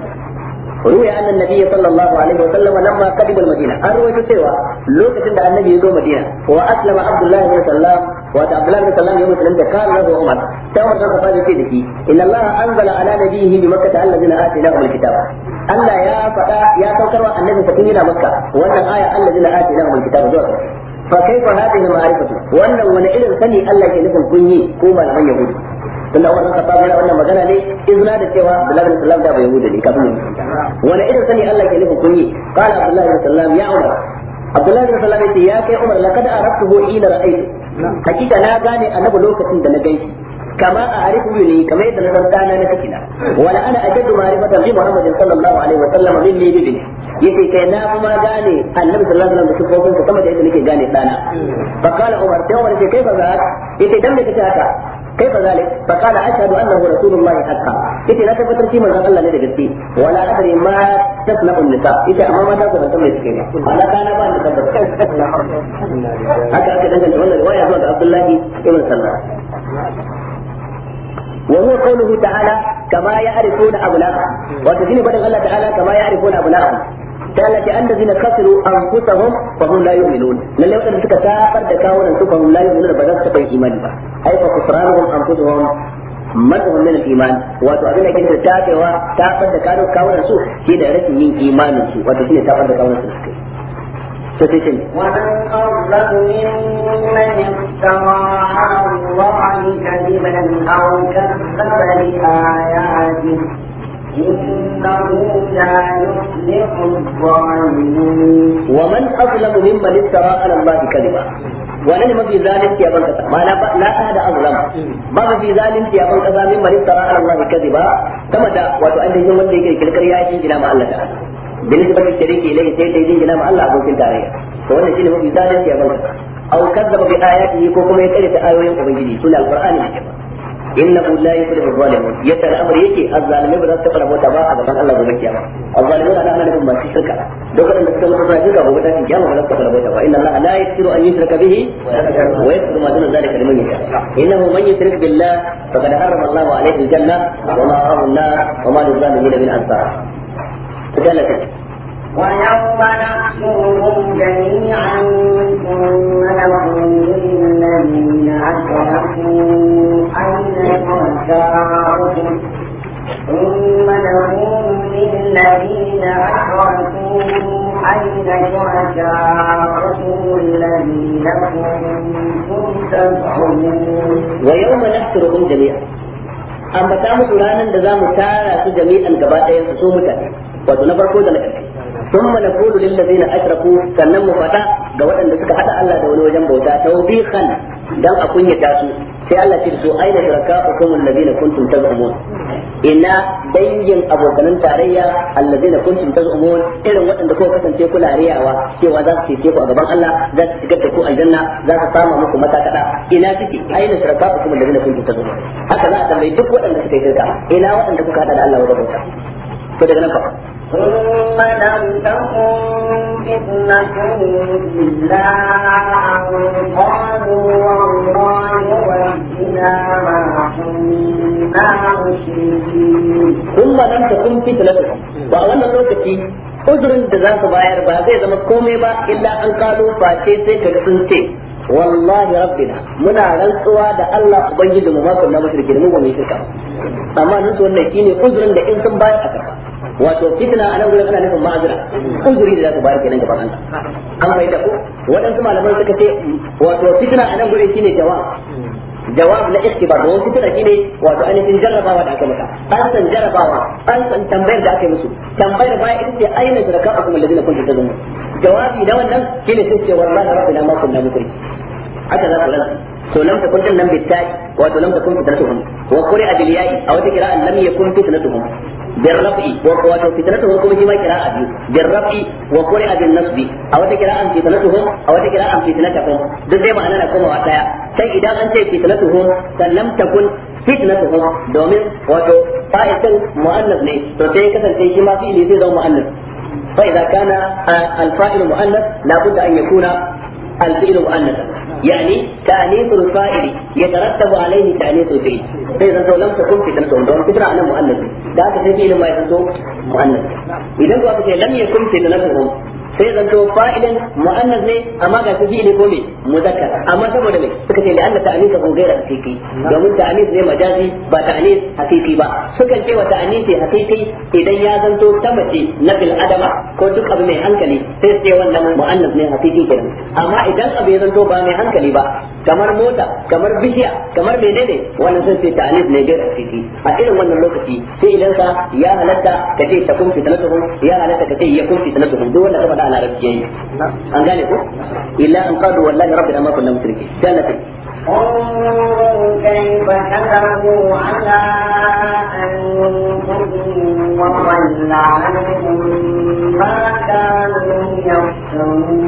ruya annan nabi sallallahu alaihi wa sallam lamma qadima madina an ruwaito cewa lokacin da annabi ya zo madina wa aslama abdullahi bin sallam wa ta abdullahi bin sallam ya musulunta kana lahu umar sai wannan ka ce da shi inna allaha anzala ala nabiyihi bi makkah allazina atainahum al-kitab Allah ya faɗa ya saukarwa annabi fatin yana makka wannan aya allazina atainahum al-kitab zuwa fa kaifa hadhihi ma'rifatu wannan wani irin sani Allah ke nufin kun yi ko malaman yahudi tunda Umar bin Khattab yana wannan magana ne izna da cewa Abdullah bin Sallam da bai ne kafin wani irin sani Allah ke nufin kun qala Abdullah bin Sallam ya Umar Abdullah bin Sallam yace ya kai Umar laqad araftuhu ila ra'aytu hakika na gane annabi lokacin da na ganshi كما أعرف مني كما يتنظر كان wa ولا أنا ni معرفة بمحمد صلى الله عليه وسلم مني ببني يتي كينا ما غاني النبي صلى الله عليه وسلم بشكوكم فكما جئت لك غاني دانا فقال عمر يا عمر كيف ذاك يتي دم لك شاكا كيف ذلك؟ فقال أشهد أنه رسول الله حقا إذا نكتب تركي من قال الله لدي ولا أدري ما تصنع النساء إذا أمام ذاك من تم يسكينا أنا كان أبا نتبه هكا أكد أنت تقول الرواية هو عبد الله بن سلام وهو قوله تعالى كما يعرفون أبناءهم وتجيني بدل الله تعالى كما يعرفون أبناءهم ta Allah ce allazina kafiru anfusahum fa hum la yu'minun lalle wadanda suka tabar da kawunan su fa hum la yu'minun ba za su taɓa imani ba ai fa kufranuhum anfusahum madhum min al-iman wato abin da yake da tabewa tabar da kawunan su shi da rashin yin imanin su wato shi ne tabar da kawunan su suka yi ستتم ومن أظلم ممن افترى على الله كذبا أو كذب بآياته wa man azlamu mimman iftara ala Allah kalima wani ne mafi zalunci a ban kasa ma la la ahada azlam ba mafi zalunci a ban kasa mimman iftara ala Allah kadhiba sama da wato an dai wanda yake kirkar ya yi jina ma Allah ta'ala bin sabab shirki ilai sai dai jina ma Allah abokin tarayya to wannan shine mafi zalunci a ban bi ko kuma ya kare ta ayoyin ubangiji sunan alqur'ani إنه لا يفلح الظالمون يسأل الأمر يكي الظالمين بلا تقل أبو تباع أبو أن الله بمكي أما الظالمون أنا أمن أبو ما تشرك دوك أن تقل أبو تباع أبو بلا تكي أما بلا تقل إن الله لا يسر أن يترك به ويسر ما دون ذلك لمن يترك إنه من يترك بالله فقد أرم الله عليه الجنة وما أرم النار وما للظالمين من أنصار تجلت ويوم نحشرهم جميعا ثم من الذين أشركوا عينا وساعة ثم نقول للذين أشركوا أين شركاؤكم الذين كنتم تزعمون ويوم نحشرهم جميعا ambata musu ranar da za mu tara su jami'an gaba ɗaya su so mutane wato na farko da na ƙarshe ثم نقول للذين اشركوا sannan mu fada ga waɗanda suka haɗa Allah da wani wajen bauta tawbihan don a kunyata su sai Allah ce su aina ina dangin abokanan tarayya alladhina kuntum taz'umun irin waɗanda kuka kasance kula riyawa cewa za su ce ku a gaban Allah za su shigar da ku aljanna za su samu muku matakada ina suke aina shuraka'ukum alladhina haka za a tambayi duk waɗanda suka yi shirka ina waɗanda kuka hada da Allah wajen bauta to daga nan fa ثم لم تكن فتنتهم إلا أن قالوا والله ربنا ما كنا مشركين ثم لم تكن فتنتهم وأولا لوكتي uzurin da za su bayar ba zai zama komai ba illa an kalo face sai ka sun ce wallahi rabbina muna rantsuwa da Allah ubangiji mu ma kunna da mu ba mu shirka amma nan su wannan shine uzurin da in sun bayar a karba wato fitna a nan gurin ana nufin ma'azira uzuri da za su bayar kenan gaban Allah an da ko waɗansu malaman suka ce wato fitna a nan gurin shine jawab jawab na iktibar don fitina shine wato ainihin jarrabawa da aka maka an san jarrabawa an san tambayar da aka yi musu tambayar baya ita ce kuma shirka akum alladina kuntum tazunnu jawabi na wannan shine sai ce wallahi rabbina ma kunna mukri haka za ku rantsa to lam takun din nan bitai wato lam takun fitnatuhum wa quri adliyai aw ta qira'a lam yakun fitnatuhum بالرفع وقوات فتنتهم كما هي قراءة بالرفع وقرئ بالنصب أو تقراءة فتنتهم أو تقراءة فتنتكم ده زي ما أنا نقوم وعطايا sai idan an ce fitnatuhum sannan takun fitnatuhum domin wato fa'idan mu'annas ne to sai kasance shi ma fi'ili zai zama mu'annas fa idza kana al-fa'ilu mu'annas la budda an yakuna الفعل مؤنثا يعني تأنيث الفاعل يترتب عليه تأنيث الفعل فإذا لم تكن فتنة دون فتنة أنا مؤنث ذاك الفعل ما يكون مؤنث إذا لم يكن فتنتهم sai zanto fa'ilin mu'annas ne amma ga su fi'ili ko me muzakkar amma saboda me suka ce la'anna ta'anis ko gaira hakiki domin ta'anis ne majazi ba ta'anis hakiki ba suka ce wa ta'anis hakiki idan ya zanto ta mace na bil adama ko duk abu mai hankali sai sai wannan mu'annas ne hakiki kenan amma idan abu ya zanto ba mai hankali ba kamar mota kamar bishiya kamar menene wannan sun ce ta'anis ne gaira hakiki a irin wannan lokaci sai idan ka ya halatta ka ce ta kun fitnatuhum ya halatta ka ce ya kun fitnatuhum duk wanda ka faɗa larabci yayi an gane ko illa an qadu wallahi rabbina ma kunna mushrikin jannati انظروا كيف حكموا على أنفسهم وضل عنهم ما كانوا يفترون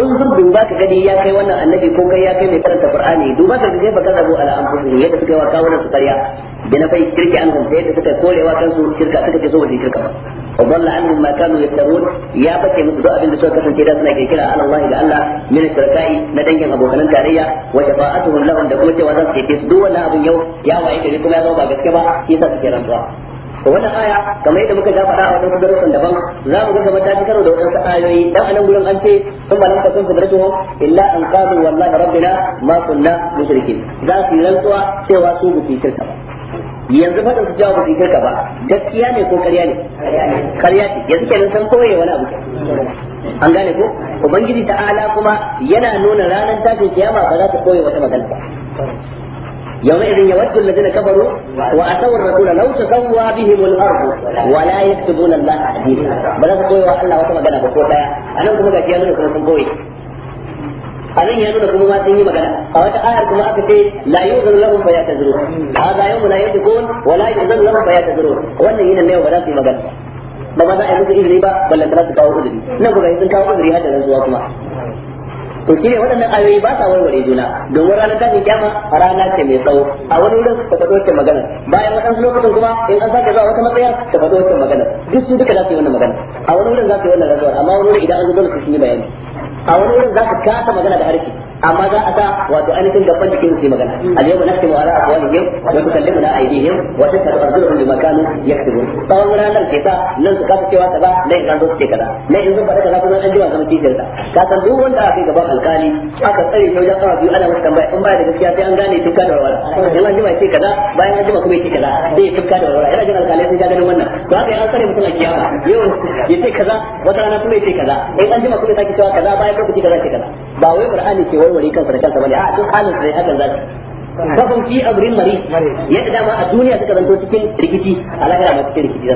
انظر duba ka gani ya kai wannan annabi ko kai ya kai mai karanta qur'ani duba ka gani ba kaza bu ala anfusihim yadda suka yi wa kawunan su karya da na fai shirki an gumsa yadda suka korewa kansu shirka suka ce so ba shirka ba وضل عنهم ما كانوا يفترون يا بكي مبدو أبن دسوة كفن كده سنة كده على الله إلى الله من الشركاء ندنجا أبو كلام كارية وشفاعتهم لهم دقوة وزن كيس دولا أبن يو يا وعيك لكم يا ضوبا بسكبا يسا سكيرا to wannan aya kamar yadda muka gafara a wajen darussan daban za mu ga mata ta karo da wadansu ayoyi dan anan gurin an ce sun balan ka sun kudratuhum illa an qalu wallahi rabbina ma kunna mushrikin za su rantsuwa cewa su bu shirka ba yanzu fa su jawo su kirka ba gaskiya ne ko karya ne karya ce yanzu kenan san koye wani abu an gane ko ubangiji ta ala kuma yana nuna ranar tashin kiyama ba za ta koye wata magana yawma idan ya yawaddu alladhina kafaru wa atawar rasul law tasawwa bihim al-ard wa la yaktubuna Allah hadith ba za su koye wa Allah wata magana ba ko daya nan kuma gaskiya ne ko san koye abin ya nuna kuma ma sun yi magana a wata ayar kuma aka ce la yu'zanu lahum fa yatazuru hadha yawmun la yadkun wa la yu'zanu lahum fa yatazuru wannan yana ne ba za su yi magana ba ba za a yi musu izini ba ballan za su kawo uzuri nan kuma sun kawo uzuri har da zuwa kuma to shi ne waɗannan ayoyi ba sa warware juna domin ranar tashin kyama a rana ce mai tsawo a wani wurin ka faɗo wacce magana bayan waɗansu lokacin kuma in an sake zuwa wata matsayar ka faɗo wacce magana duk su duka za su yi wannan magana a wani wurin za su yi wannan rantsuwar amma wani wurin idan an zo dole su yi bayani a wani wurin za ka kasa magana da harshe amma za a sa wato ainihin gaban jikin su magana al yau nafsi wa ala yau wa tukallimuna aydihim wa tashhadu arjuluhum bima kanu yaktubun tsawon ranar ke sa nan su kasa cewa kaza nan kan zo su ce kaza nan in zo faɗa kaza kuma an jiwa zama tijar da ka san duk wanda aka yi gaban alkali aka tsare shi wajen awa biyu ana masa tambaya in ba da gaskiya sai an gane tuka da warwara in an jima ke kaza bayan an jima kuma ke ce kaza sai ya tuka da warwara yana jin alkali sun ga ganin wannan to haka an tsare mutum a kiyama yau ya ce kaza wata rana kuma ya ce kaza in an jima kuma ya ke cewa kaza bayan ka kace kaza ke kaza ba wai qur'ani ke warware kansa da kansa bane a duk halin sai kafin fi mari yadda dama a duniya suka zanto cikin rikici a lahira ma cikin rikici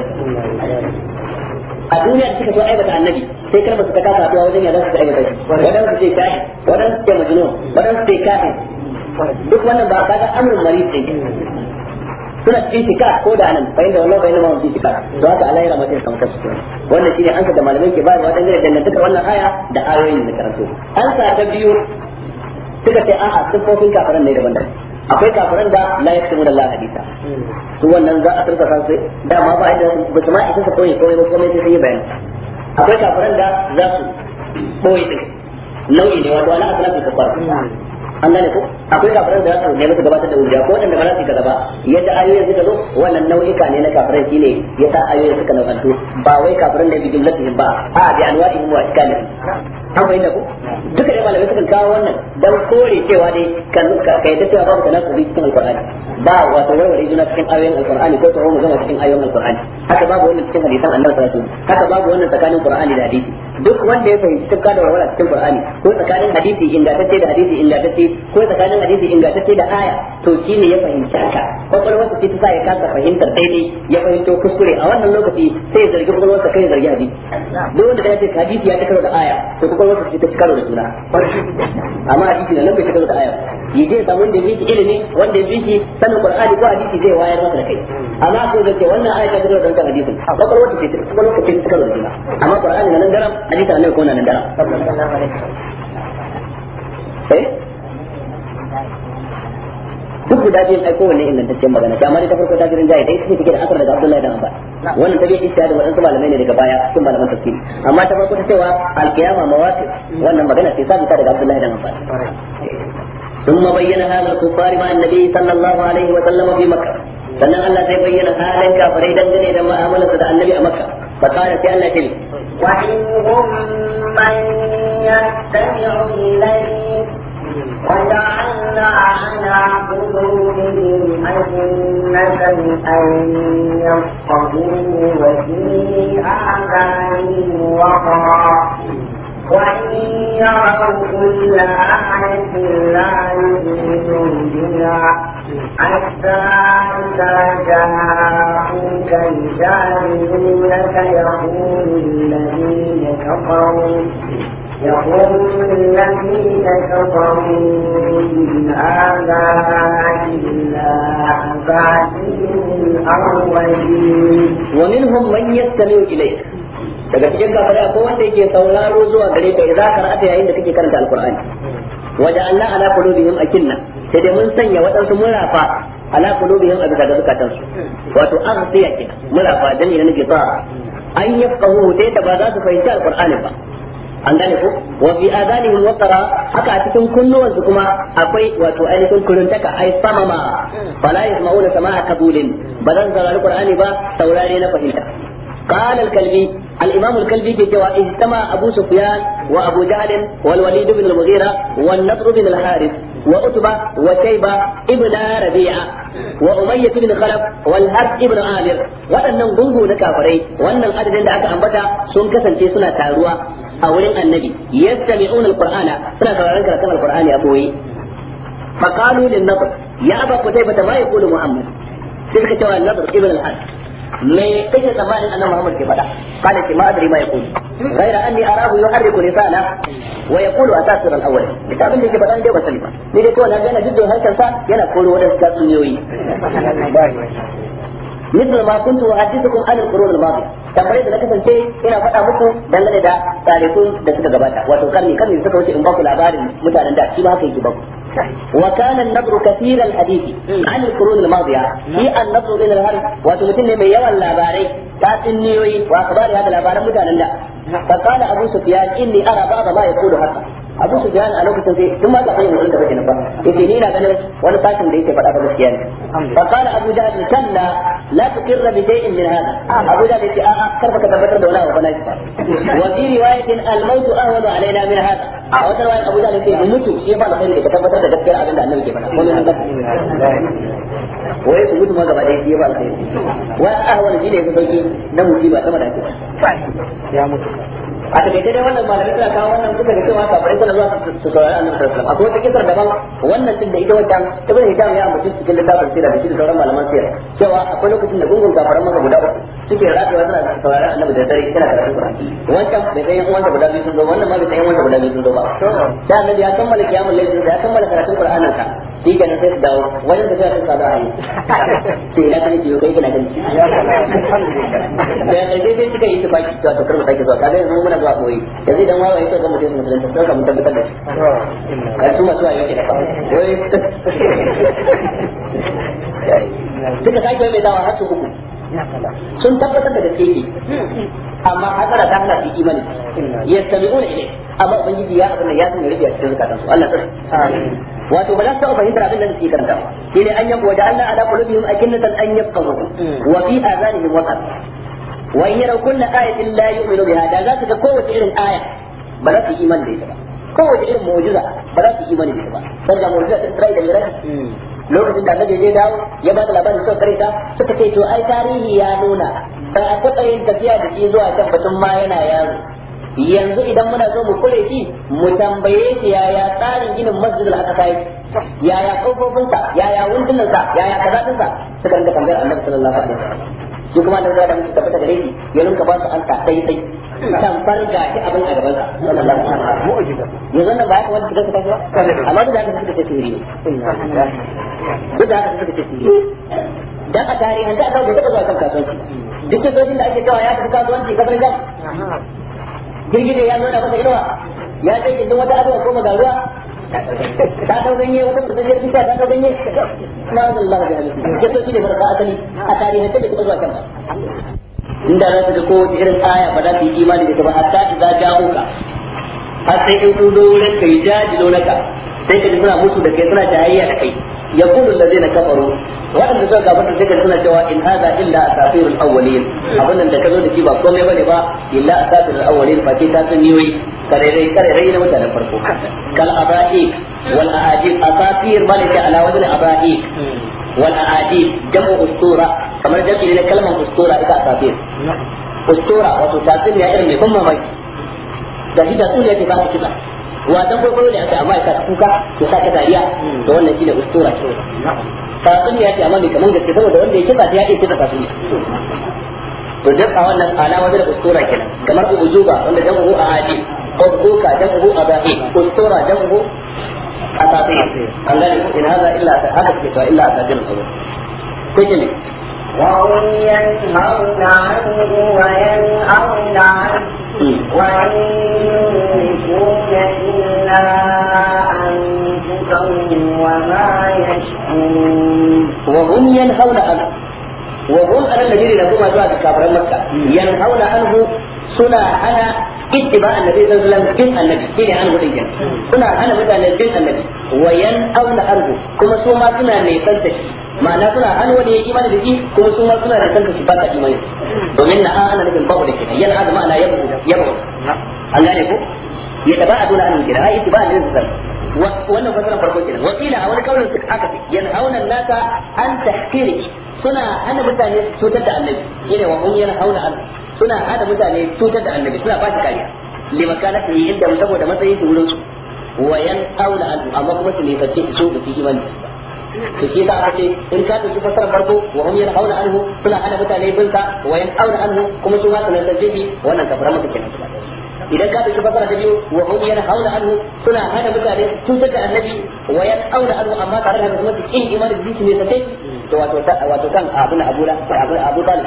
a duniya da suka so aibata annabi sai karba su ta kasa tuwa wajen ya za aibata shi wadan su ce kai wadan su ce majnun wadan su ce kai duk wannan ba kaga amrin mari sai suna cikin shekara ko da nan bayan da wallahi bayan ma cikin shekara to haka Allah ya ramata kan kansu wannan shine an da malamai ke bayarwa dangane da dangantakar wannan aya da ayoyin da karanto an sa ta biyu suka ce a'a siffofin kafiran ne daban-daban akwai kafiran da la yaktumu da Allah hadisa su wannan za a turka kansu dama ba da ba su ma isa su koyi komai ba komai sai sun bayani akwai kafiran da za su koyi din nau'i ne wato ala asalafu kafar an gane ko akwai kafiran da za su ne musu gabatar da wuri ko wanda ba za su kaza ba yadda ayoyin suka zo wannan nau'ika ne na kafirai shine yasa ayoyin suka nau'antu ba wai kafiran da bi jumlatihim ba a bi anwa'ihim wa ikamihim an bayyana ko duka da malamai suka kawo wannan dan kore cewa dai kan ka ta cewa babu kana su cikin alqur'ani ba wato warware juna cikin ayoyin alqur'ani ko ta mu zama cikin ayoyin alqur'ani haka babu wannan cikin hadisan annabi sallallahu alaihi wasallam haka babu wannan tsakanin qur'ani da hadisi duk wanda ya fahimci tukka da walwala cikin Qur'ani ko tsakanin hadisi ingantacce da hadisi ingantacce ko tsakanin hadisi ingantacce da aya to ne ya fahimci haka sa ce ta sa ya kasa fahimtar daidai ya fahimto kuskure a wannan lokaci sai ya zargi sa kai ya zargi hadisi duk wanda ya ce hadisi ya tukaro da aya to sa ce ta tukaro da juna amma hadisi da nan bai tukaro da aya yi zai samu wanda ya ilimi wanda ya fi sanin Qur'ani ko hadisi zai wayar masa da kai amma ko da ce wannan aya ta tukaro da hadisin sa ce ta tukaro da juna amma Qur'ani nan garam hadisin annabi kuma nan dara eh duk guda biyun ai kowanne ingantaccen magana ta amma ta farko ta jirin jayi dai suke take da asar daga Abdullahi dan Abbas wannan ta biyan ishtihad wadansu malamai ne daga baya cikin malaman tafsiri amma ta farko ta cewa al-qiyama mawaqif wannan magana sai sabita daga Abdullahi dan Abbas ثم بين هذا الكفار مع النبي صلى الله عليه وسلم في مكة sannan Allah zai bayyana halin kafirai dangane da mu'amalarsa da annabi a فقال سألة ومنهم من يستمع إليك وجعلنا على قلوبهم أجنة أن يفقهوه وفي آذانهم وقرا وإن يروا كل آية لا يؤمنوا بها حتى إذا جاءوك يجادلونك يقول الذين كفروا يقول الذين كفروا إن هذا إلا أساطير الأولين ومنهم من يستمع إليك daga cikin kafirai akwai wanda yake sauraro zuwa gare ka idza qara'ata yayin da kake karanta alqur'ani anna ala qulubihim akinna sai dai mun sanya waɗansu murafa ala qulubihim a bisa ga su. wato aghsiya kina murafa dan idan nake ba an yafqahu dai da ba za su fahimci alqur'ani ba an gane ko wa fi adanihim waqara haka a cikin kunnuwansu kuma akwai wato ainihin kuruntaka ai samama fala yasma'una sama'a kabulin ba zan saurari qur'ani ba saurare na fahimta قال الكلبي الإمام الكلبي كتوا اجتمع أبو سفيان وأبو جهل والوليد بن المغيرة والنضر بن الحارث وأتبة وشيبة ابن ربيعة وأمية بن خلف والهرب ابن عامر وأنهم gungu na kafarai wannan adadin da aka ambata sun kasance suna taruwa a wurin annabi yastami'una alqur'ana suna sauraron karatun alqur'ani a boye faqalu lin-nadr ya aba qutaybah ma yaqulu muhammad sai suka ibn al me kake tsammanin annabi Muhammad ke faɗa kana ki ma adri ma yaqulu غير اني اراه يحرك لسانه ويقول اساطير الاول kitabin da ke faɗa dai ba sani ba ni dai kawai na ga yana jiddo sa yana koro wadansu tatsuniyoyi مثل ما كنت أحدثكم عن القرون الماضية tambayar da na kasance ina faɗa muku dangane da tarihun da suka gabata wato karni karni suka wuce in ba ku labarin mutanen da shi ba haka yake baku وكان النظر كثير الحديث عن القرون الماضية في النظر إلى الهرم وتمتن من يوى اللاباري تاتنيوي وأخبار هذا اللابار متانا فقال أبو سفيان إني أرى بعض ما يقول هذا abu su jani a lokacin sai tun ma akwai sai mutum da bakin ba yace ni na ganin wani sakin da yake faɗa ba gaskiya ne fa qala abu kan na la tuqir bi shay'in min hada abu jahl yace a'a karfa ka tabbatar da wani abu ba lafi wa fi riwayatin al wani ahwadu alaina min hada a wata riwaya abu jahl ke mutu shi ba alkhairi da ka tabbatar da gaskiya abin da annabi ke faɗa ko wai su mutu ma gaba ɗaya shi ba alkhairi wa ahwadu shi ne ya fi sauki na musiba sama da ake ya mutu a takaice dai wannan malamai suna kawo wannan kuka da cewa kafirai suna zuwa su saurari annabi sallallahu alaihi wasallam akwai wata kisar daban wannan din da ita wannan ibn hijam ya ambaci cikin littafin sirra da shi da sauran malaman cewa akwai lokacin da gungun kafiran maka guda uku suke ratsewa suna saurara annabi da dare kina karatun Qur'ani wancan bai san yan uwansa guda biyu sun zo wannan ma bai san yan uwansa guda biyu sun zo ba da annabi ya kammala kiyamul layl ya kammala karatun Qur'anin ka shi kenan sai su dawo da sai su sadu a sai ina kan jiyo kai kina gani da karshe sai suka yi su baki cewa karba sake zuwa kaga yanzu muna zuwa koyi yanzu idan wawaye sai zama mutum musulunta sai ka mun tabbatar da shi a su masu wayo da kawai suka sake mai dawa har su uku sun tabbatar da gaske ne amma hasara ta hana su imani yastabi'una ne amma ubangiji ya abin ya san rubiya cikin zakatan su Allah tsare wato ba za su taɓa fahimtar abin da suke karanta ba shi ne an yi wa ja'alna ala qulubihim akinnatan an yafqahu wa fi azanihim waqar wa in yaraw kulla ayatin la yu'minu biha da za su ga kowace irin aya ba za su imani da ita ba kowace irin mu'jiza ba za su imani da ita ba sai da mu'jiza ta Isra'ila da Miraji lokacin da annabi ya dawo ya ba da labarin kare karita suka ce to ai tarihi ya nuna ba a kuka yin tafiya da shi zuwa can batun ma yana yaro yanzu idan muna zo mu kure shi mu tambaye shi yaya tsarin ginin masjidul aqsa ya yaya kofofinsa ya wundunansa yaya kazafinsa suka rinka tambayar annabi sallallahu alaihi wasallam shi kuma nan da muke tabbata gare shi ya nuka ba su an ta sai sai tamfar ga shi abin a gaban sa yanzu nan ba ya kamata shiga ta tashi ba amma duk da haka suka ce sihiri ne duk da haka suka ce sihiri dan a tarihin da aka gaba zuwa kan kasuwanci duk sojin da ake gawa ya tafi kasuwanci kasar jam girgije ya nuna masa inuwa ya sai gindin wata abin ko magaruwa ta dau ganye wata ta zai fita ta dau na ma Allah da halittu jato shi da barka asali a tarihin da kuma zuwa kan inda za su ga kowace irin aya ba za su yi imani da ta ba hatta idza ja'uka har sai in tudo wurin kai jajilo ka. sai ka ji suna musu da kai suna jayayya da kai يقول الذين كفروا وأن زوجة بطل ذكر هنا جوا إن هذا إلا أساطير الأولين أظن أن تكذون تيبا كل يبني با إلا أساطير الأولين فكي تاتنيوي كريري كريري نمتنا فرقو كالأبائيك والأعاجيب أساطير بالك على وزن أبائيك والأعاجيب جمع أسطورة كما جاءت إلى كلمة أسطورة إذا أساطير أسطورة وتتاتنيا إرمي ثم مي ده هي تقول يا كبار كبار Wa dan kwaikwayo ne aka amma ya sa kuka ya sa ta dariya hmm. to wannan shine ustura ce fasin ya ce amma mai kaman gaske saboda wanda ya kisa ta ya iya kisa fasin to duk a wannan ala wajen ustura kenan kamar ujuba wanda dan uhu a aji ubuka dan uhu a bahi ustura dan uhu a tafi an gane ko in haza illa ta haka ke to illa ta jin tsoro ko kine وهم ينهون عنه وينأون عنه وإن يشركون إلا أنفسهم وما يشكرون وهم ينهون عنه وهم أنا الذين لهم أزواج كافر مكة ينهون عنه سنة أنا ittiba annabi sallallahu alaihi wasallam bin annabi shine an gudun suna hana mutane bin annabi wa yan'auna anhu kuma suna ne san shi ma'ana suna an wani yayi imani da shi kuma su ma suna ne san shi ba ta imani domin na ana nufin babu da kenan yana azama ana yabu yabu an gane ko ya tabaduna anhu kenan ai ittiba annabi sallallahu alaihi wasallam wannan fasaran farko kenan wakila a wani kaulin suka aka yanhauna nasa an tahkiri suna suna hada mutane cutar da annabi suna bashi kariya limakana su yi inda saboda matsayin su wurin su wayan aula an amma kuma su ne nisanci su da su imani to shi da aka ce in ka tafi fasara farko wa hum aula anhu suna hada mutane bin ka wayan aula anhu kuma su ma da nisanci wannan kafara maka kenan idan ka dauki fasara ta biyu wa hum yanhauna anhu suna hana mutane cutar annabi wa yanhauna anhu amma tare da kuma su kin imani da zuci ne ta kai to wato wato kan abuna abula abu abu talib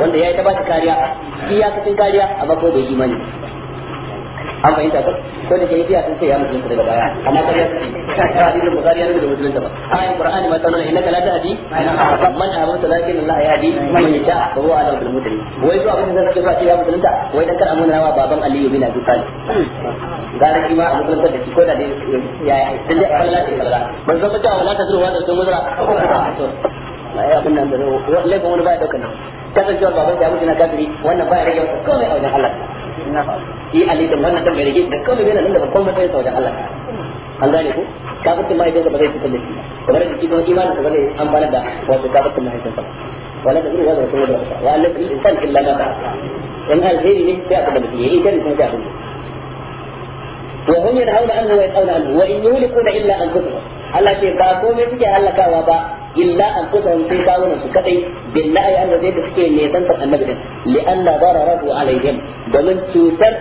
wanda yayi ta ba kariya iyakacin kariya amma ko bai imani an fahimta ko ko da ke biya sun ce ya musulunta daga baya amma kai ya ce hadisi bukari yana da musulunta ba ayin qur'ani ma tana innaka la tahdi man ahbabta lakin Allah yahdi man yasha wa huwa ala bil mutaqin wai zuwa abin da zaka ba ce ya musulunta wai dan kar amuna wa baban Ali bin Abi Talib gara shi a musulunta da shi ko da dai ya dan da Allah ya kalla ban zama ta wala ta zuwa da sun muzra to ai abin nan da laifin wani baya daukar nan kasancewar baban ya mutu na kafiri wannan baya rage masa komai a wajen Allah yi alidin wannan dan bai rage da komai nan da sa wajen Allah an gane ku ba zai da shi da da wato wala da da kuma da wa Allah insan illa ma in alheri ne sai aka وهم ينهون عنه وينهون عنه وإن يهلكون إلا Allah ce ba komai suke halakawa ba illa an kusa wani sai kawunan su kadai billahi an da zai da suke ne san san annabi din li anna dararahu alaihim domin cutar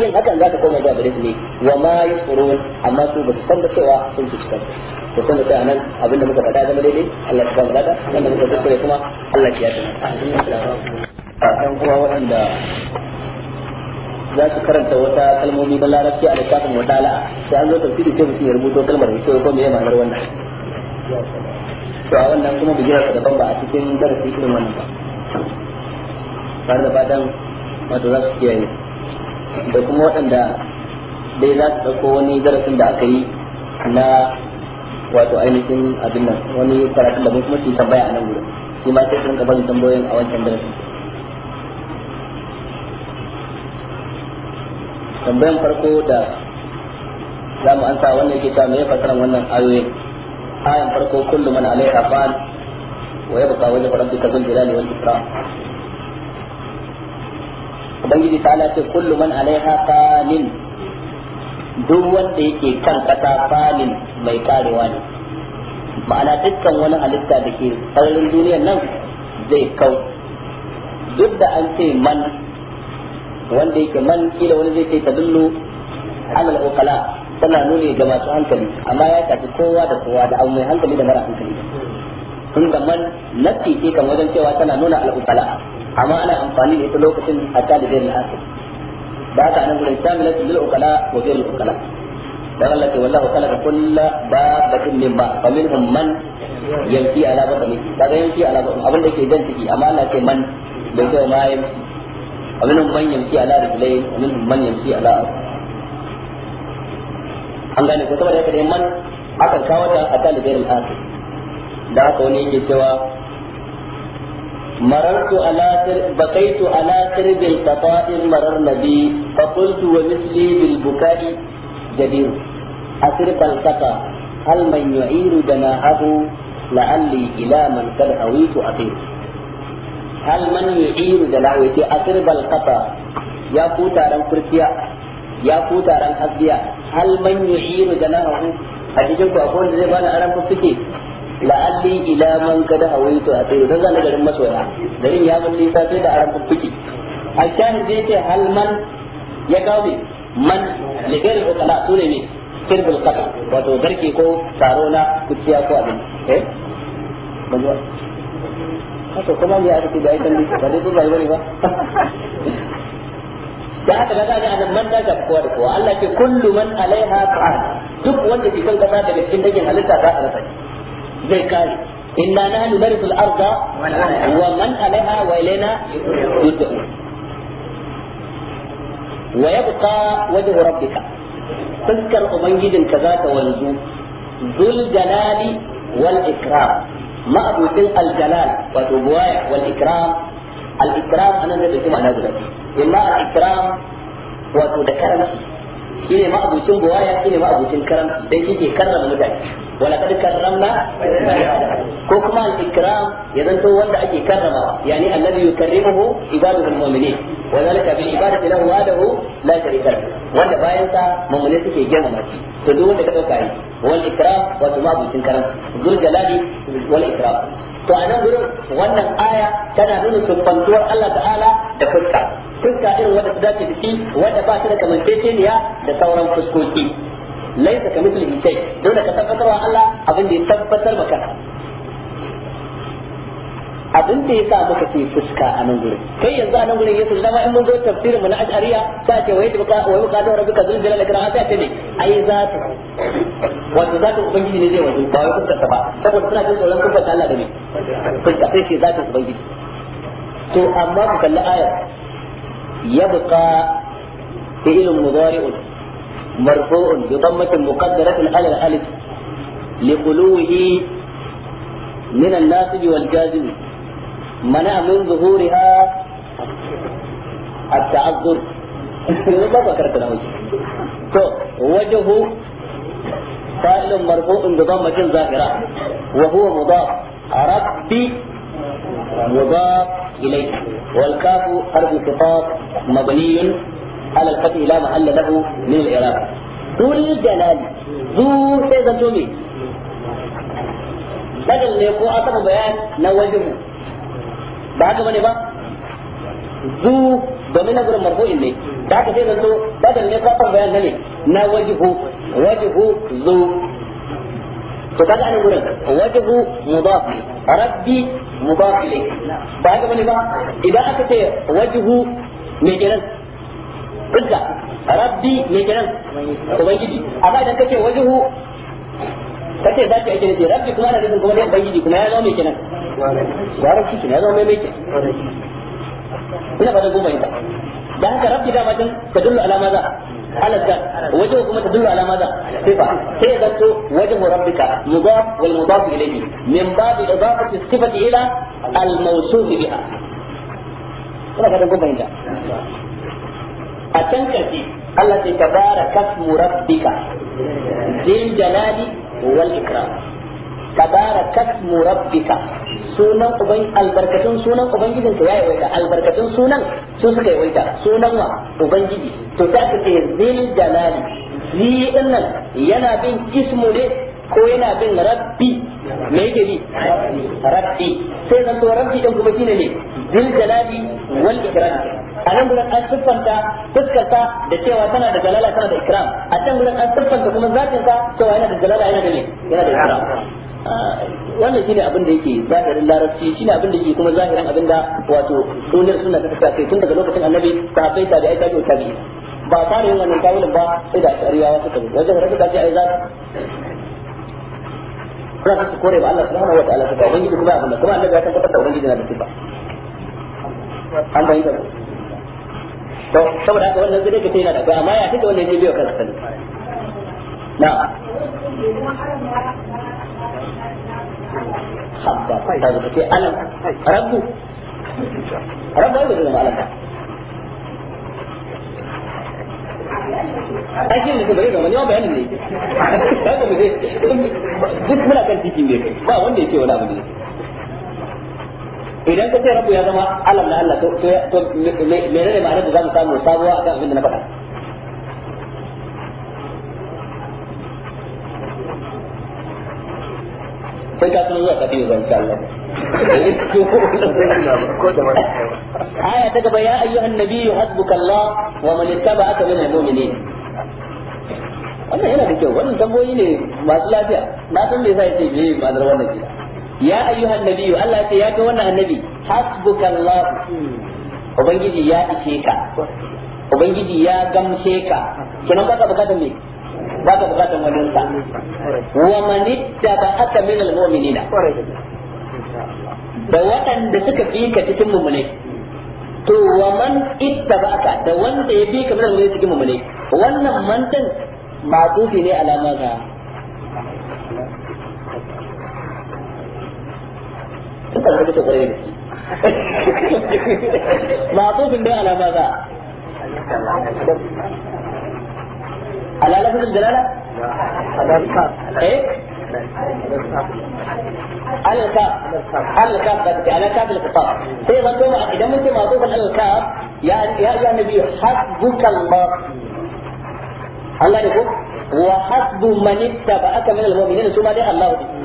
yin hakan zaka koma zuwa gare ne wa ma yusrun amma su ba su san da cewa sun ci kansu to kuma sai anan abinda muka fada zama daidai Allah ya samu lada wanda muka kuskure kuma Allah ya ta a cikin dan uwa za su karanta wata kalmomi na larabci a littafin mutala sai an zo tafsiri sai mutum ya rubuto kalmar ya ko me ma'anar wannan to a wannan kuma bijirar ka daban ba a cikin darasi irin wannan ba tare da fatan wato za su kiyaye da kuma waɗanda dai za su ɗauko wani darasin da aka yi na wato ainihin abin nan wani karatun da mun kuma ci tambaya a nan gudu shi ma sai sun ka bari tambayoyin a wancan darasin tambayan farko da za mu sa wannan yake cewa me ya fasaran wannan ayoyin ayan farko kullu man alaiha fan wa yabqa wajhu rabbika dhul jalali wal ikram ubangiji ta ce kullu man alaiha fanin duk wanda yake kan kasa fanin mai karewa ne ma'ana dukkan wani halitta da ke sararin duniyar nan zai kau duk da an ce man wanda yake man kila wani zai ce tadullu alal uqala tana nuni ga masu hankali amma ya tafi kowa da kowa da abu mai hankali da mara hankali tun da man nafi ke kan wajen cewa tana nuna al uqala amma ana amfani da ita lokacin a da zai asir da haka anan gurin tamilatu lil uqala ko da al uqala dan Allah ce wallahu khalaqa kulla babatin min ba fa minhum man yanki ala ba kaga yanki ala batni abin da yake dan ciki amma Allah ce man da cewa ma yamshi ومنهم من يمشي على رجلين ومنهم من يمشي على أرض an gane ko saboda yake man akan kawo ta a talibai da aka da aka wani yake cewa marartu ala tir baqaitu ala tir bil qata'in marar nabi fa qultu wa misli bil bukai jabir asir bal qata hal man yu'iru dana abu la'alli ila man kal awitu aqim hal man yu'iru da lahu yace asrbal qata ya ku taran furtiya ya ku taran hasbiya hal man yu'iru da lahu a cikin ku akwai wanda zai bani aran fuske la'alli ila man kada hawaitu a tsaye zan zana garin masoya garin ya mun nisa sai da aran fuske a shahid zai ce hal man ya kawo man ligar ukala kala ne ne sirbal qata wato garke ko taro na kuciya ko abin eh to kuma me aka ce da ba dai duk ba da haka da gane anan man da da Allah ke kullu man alaiha duk wanda ke kan kasa daga cikin halitta a zai kare inna nahnu narithul arda wa man alaiha wa ilaina wa yabqa wajhu rabbika fuskar ubangijinka ta wanzu ذو wal ikram ما ابو تل الجلال وتبوايا والاكرام الاكرام انا زي بيتم انا اما الاكرام واتو دكرم شيء ما ابو تل بوايا ما ابو تل كرم دي شيء كرم مجاك ولقد كرمنا كوكما الاكرام يدنتو وانت اي كرم يعني الذي يكرمه إباده المؤمنين وذلك بالعباده له وعده لا شريك له wanda bayan sa mamune suke gina shi to duk wanda ka dauka yi wal ikram wato mabucin karam zul jalali wal ikram to a nan gurin wannan aya tana nuna sumbantuwar Allah ta'ala da fuska fuska irin wanda ta dace da shi wanda ba ta da kamanceceniya da sauran fuskoki laisa kamithlihi shay dole ka tabbatar wa Allah abin da ya tabbatar maka abin da yasa muka ce fuska a nan gurin kai yanzu a nan gurin yesu zama in mun zo tafsirin mu na ash'ariya ta ce wai da baka wai baka da rabbika zul jalal ikram ta ce ne ai za ta wato za ta ubangiji ne zai wato ba wai fuskar ta ba saboda suna jin tsoron kuka Allah da ne fuska sai ce ta ubangiji to amma ku kalli ayar yabqa fi'l mudari'un marfu'un bi dammatin muqaddaratin ala al-alif liquluhi من الناصب والجازم mana min zuhuriha at-ta'azzur yanzu ba ba karanta na wuce to wajhu fa'ilun marfu'un bi dhammatin zahira wa huwa mudaf rabbi mudaf ilayhi wal kafu harfu khitab mabniyun ala al-fath la mahalla lahu min al-i'rab dul sai badal ne bayan na wajhu ba haka bane ba zu domin na gurin marfu'in ne da ka sai zan zo badal ne kafin bayan ne na wajibu wajibu zu to kaga anan gurin wajihu mudaf rabbi mudaf ilayhi ba haka bane ba idan aka ce wajibu me kenan Rizka, rabbi me kenan ubangiji amma idan kace wajihu kace zaki ake nufi rabbi kuma na nufin kuma da ubangiji kuma ya zama me kenan larabci ne ya zama mai ina ba goma ita da haka rabbi da matan ta dullu alama za. ala da wajen kuma ta dullu alama za. sifa sai ya zanto wajen rabbi rabbika mudaf wal mudaf ilayhi min babi idafati sifati ila al mawsuf biha ina ba da goma ita a can karshe Allah sai tabaraka ismu rabbika zil jalali wal ikram tabaraka ismu rabbika sunan uban albarkatun sunan ubangijin ka yayi waita albarkatun sunan su suka yi waita sunan wa ubangiji to ta ka ce zil jalali zi nan yana bin ismu ko yana bin rabbi me yake bi rabbi sai zan to rabbi din kuma shine ne zil jalali wal ikram a nan gurin an siffanta fuskarta da cewa tana da jalala tana da ikram a can an kuma zatinsa cewa yana da yana da yana da ikram wannan shine abin da yake zahirin larabci shine abin da yake kuma zahirin abin da wato sunan suna ta tafiya kai tun daga lokacin annabi da aika tabi'u tabi ba fara yin wannan tawilin ba sai da shari'a wata bi wajen rabu da ce ai za kuna su kore ba Allah subhanahu wataala ta ba ubangiji kuma abin kuma annabi ya tabbatar da ubangiji na da sifa an bayyana to saboda haka wannan zai kace yana da ba amma ya kace wannan yake biyo kansa na habba ta zuka ke alam rabbu rabbu ai zuka alam ai shi mutum bai zama yawan bayanin ne ba mu je duk muna kan titi ne kai ba wanda yake wani abu ne idan ka ce rabu ya zama alam na Allah to to me ne ma'anar da zamu samu sabuwa akan abin da na faɗa sai ka san zuwa ka fi zan Allah aya ta gaba ya ayyuhan nabiyyu hasbuka Allah wa man ittaba'aka min al-mu'minin wannan yana da kyau wannan tamboyi ne masu lafiya na san me yasa yace me ma'anar wannan kira ya ayyuhan nabiyyu Allah ya ce ya kai wannan annabi hasbuka Allah ubangiji ya ishe ka ubangiji ya gamshe ka kenan baka bukatar me ba ka bukatan wani sa wa man aka min almu'minina da waɗanda suka bi ka cikin mummunai to wa man ittaba'aka da wanda ya bi ka min almu'minina cikin mummunai wannan mantan ma dubi ne alama ga Ma ma'tufin dai alama ga على لفظ الدلالة على الكاف ايه على الكاف على الكاف على الكاف الاقتصار فإذا كنت إذا أنت معطوفا على الكاف يا يا نبي حسبك الله الله يقول وحسب من اتبعك من المؤمنين ثم الله دي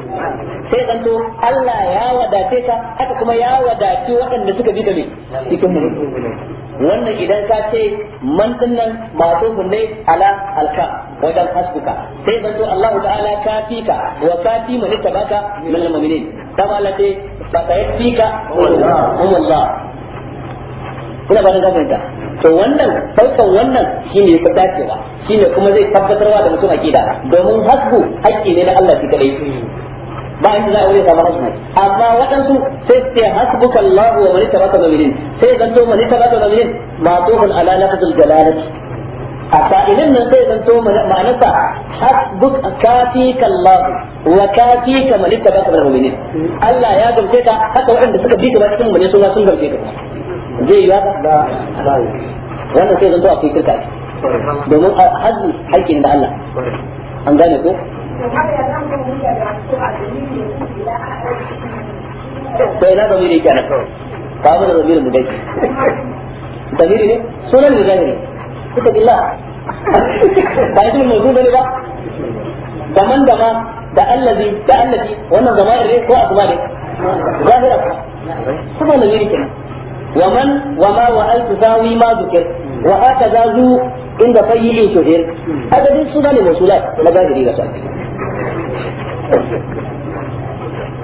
sai dan to Allah ya wadace ka haka kuma ya wadace waɗanda suka bi ka ne cikin mu'minin wannan idan ka ce man dinnan ma'tufun ne ala alka wajen hasbuka sai dan to Allah ta'ala fi ka wa fi man tabaka min al-mu'minin kama Allah ce fa sayfika wallah kuna ba da zafin to wannan saukan wannan shine yafi dacewa shine kuma zai tabbatarwa da mutum akida domin hasbu haƙƙi ne na Allah shi kadai ba za a wuri samu hasbi amma waɗansu sai ce hasbuka Allah wa man tabaka mu'minin sai zan man tabaka mu'minin ala a nan sai ma'anarsa hasbuk kafika Allah wa kafika man tabaka mu'minin Allah ya ka haka waɗanda suka bi cikin mu'minin sun ka zai yi ba wannan sai domin haƙƙin da Allah an gane ko to ina zamiri yake ana kawai ka mu da zamirin mu dai ne sunan da zamiri kuka billah ba idan mu zuwa ne ba daman dama da allazi da allazi wannan zamanin ne ko asma ne zahira ko kuma zamiri kenan ومن وما وأل تساوي ما ذكر وهكذا ذو عند فيل شهر هذا دي سنة موصولات مجاهد إلى سنة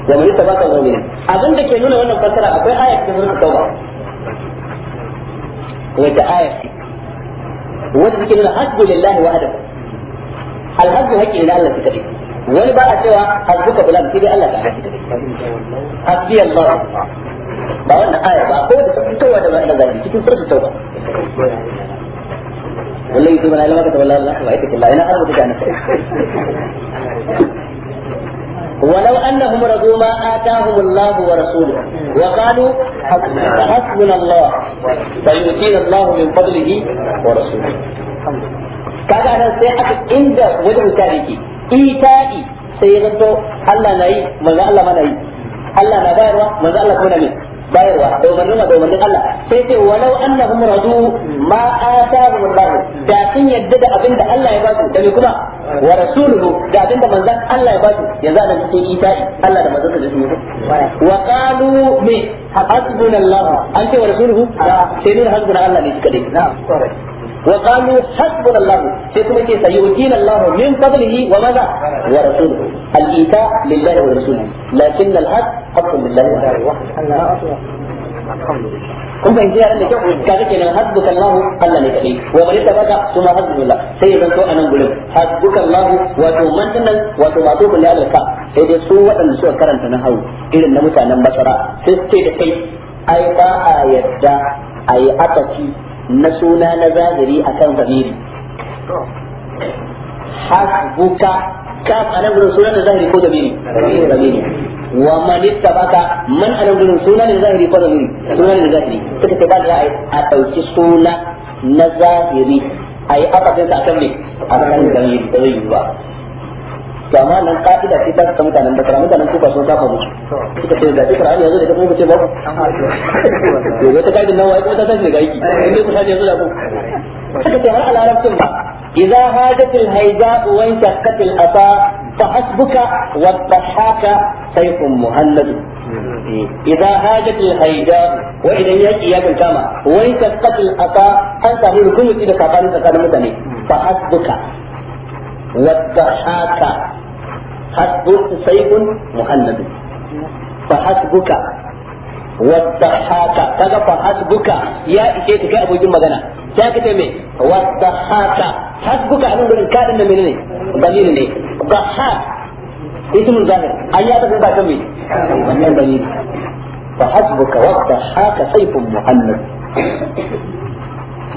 wa man yasabaka mu'mina abin da ke nuna wannan fasara akwai aya cikin sunan tauba wata aya ce wanda take nuna hasbu lillahi wahdahu alhasbu haƙƙin da Allah take wani ba a cewa hasbuka fulan sai dai Allah ka haƙƙi hasbi Allah ba wannan aya ba ko da fitowa da ma'ana zaki cikin surat tauba wallahi to mana ilma ka tawalla Allah wa ita billahi ina arba ta kana ولو أنهم رضوا ما آتاهم الله ورسوله وقالوا حسبنا الله فيؤتينا الله من فضله ورسوله kaga nan sai aka inda wajen tariki ita'i sai ya zanto Allah na yi manzo Allah mana yi Allah na bayarwa manzo Allah kuma na bayarwa domin domin Allah sai ce walau annahum radu ma atahum Allah da sun yadda da abinda Allah ya ba su da kuma wa rasuluhu da abinda manzon Allah ya ba su yanzu anan cikin isa'i Allah da manzon da su wa qalu me hasbunallahu an ce wa rasuluhu sai ne hasbunallahu ne kadai na'am wa qalu hasbuna Allah sai kuma ke sayuqina Allah min fadlihi wa madha wa rasuluhu al lillahi lakin kun fahimci yaran da kyau kaga kenan hasbuka Allah Allah ne kadai wa man tabaka kuma hasbullah sai ya zanto anan gurin hasbuka Allah wato man dinnan wato ba dukun ya alka sai dai su waɗanda suka karanta na hawo irin na mutanen basara sai su ce da kai ai ba a yadda a yi akaci na suna na zahiri akan zamiri hasbuka ka anan gurin suna na zahiri ko zamiri zamiri wa man ittabaka man anan gurin suna na zahiri ko zamiri suna na zahiri suka ce ba da a ɗauki suna na zahiri a yi akasinsa ne a akan zamiri ba zai yi ba to amma nan ka'ida ce ta suka mutanen da karamu mutanen kuka sun saba musu suka ce da kira an yanzu da kuma ce babu to ta kaidin nan wai kuma ta tashi daga aiki in dai kusa yanzu da ku suka ce har a ba idza hajatil haida wa intaqatil ata fa hasbuka wa tahaka sayfun muhallad idza hajatil haida wa idan yaki ya kama wa intaqatil ata an samu rukunci da kafanin tsakanin mutane fa hasbuka والضحاك حسبك سيف مهند فحسبك والضحاك كذا فحسبك يا إشيت كأبو أبو جم يا كتمي والضحاك حسبك أنا بقول كاد إن مني دليل لي ضحاك اسم الظاهر أيات تبقى كمي دليل فحسبك والضحاك سيف مهند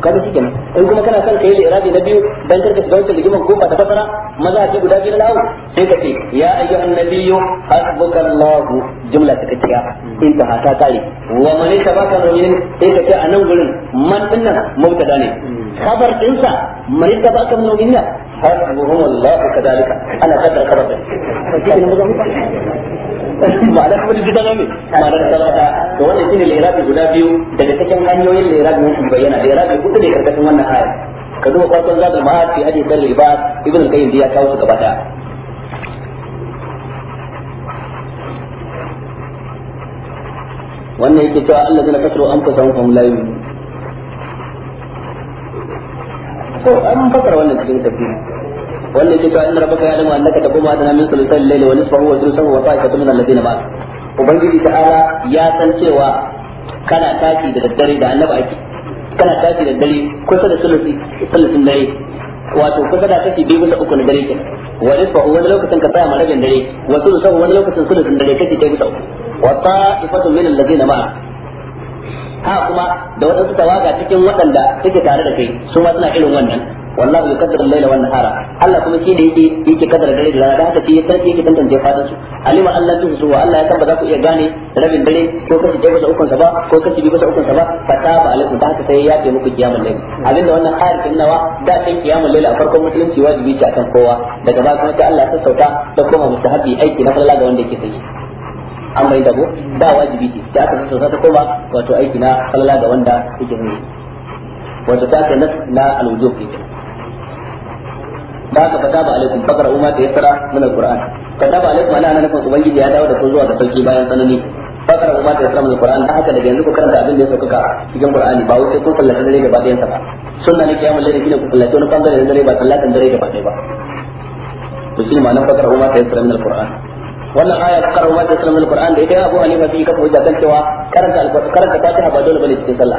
kaga shi kenan in kuma kana son kai iradi na biyu dan karka shiga wata ligiman ko ba ta fasara maza ce guda biyu na lawo sai ka ce ya ayyuhan nabiyyu hasbukallahu jumla ta kaciya in ta hata kare wa man tabaka mu'minin sai ka ce anan gurin man dinnan mubtada ne khabar dinsa man tabaka hasbuhu hasbuhumullahu kadalika ana kadar khabar din ma'ana kuma duk ta zame ma'anar sarrafa to wannan shine lirabi guda biyu daga cikin hanyoyin lirabi mun bayyana lirabi hudu ne karkashin wannan aya ka duba farkon zadul ma'ad fi hadith al-ibad ibn al-qayyim ya kawo su gaba daya wannan yake cewa Allah zai kasaro an fasa mu kuma layu ko an fakara wannan cikin tafsiri wannan ce cewa inna rabbaka ya'lamu annaka taqumu adna min thuluthil layli wa nisfahu wa thuluthahu wa ta'ifatu min alladhina ma'ak ubangiji ta'ala ya san cewa kana tashi da daddare da annaba ake kana tashi da dare kusa da thuluthi thuluthin dare wato kusa da kake bi bisa uku na dare ke wa nisfahu wani lokacin ka tsaya gandare dare wa thuluthahu wani lokacin thuluthin dare kake kai bisa uku wa ta'ifatu min alladhina ma'ak ha kuma da wadansu tawaga cikin waɗanda suke tare da kai su ma suna irin wannan wallahu yaqdiru al-layla wan nahara Allah kuma shine yake yake kaddara dare da rana da haka shi ya sarki yake tantance fatan su alima Allah tun su Allah ya san ba za ku iya gane rabin dare ko kace ɗaya bisa ukun sa ba ko kace bi bisa ukun sa ba taba alaikum da haka sai ya ce muku kiyamul layl abinda wannan ayar kin nawa da sai kiyamul layl a farkon musulunci wajibi ce akan kowa daga ba kuma sai Allah ya sassauta da kuma mustahabi aiki na falala ga wanda yake sai an bai dabo da wajibi ce da aka sassauta ta koma wato aiki na falala ga wanda yake sai wato ta na na alwujub kenan da aka fata ba alaikum fakara umma da yasra min alquran fata ba alaikum ana nan nufin ubangiji ya dawo da ku zuwa da sauki bayan sanani fakara umma da yasra min alquran da haka daga yanzu ku karanta abin da ya sauka cikin qur'ani ba wai kun sallata dare gaba ɗayan sa ba sunna ne kiyamul layli kina ku sallata wani bangare da dare ba sallatan dare gaba ɗaya ba to shi ma'anar fakara umma da yasra min alquran wannan aya fakara umma da yasra min alquran da ita Abu Hanifa fi kafa hujja kan cewa karanta karanta Fatiha ba dole bane cikin sallah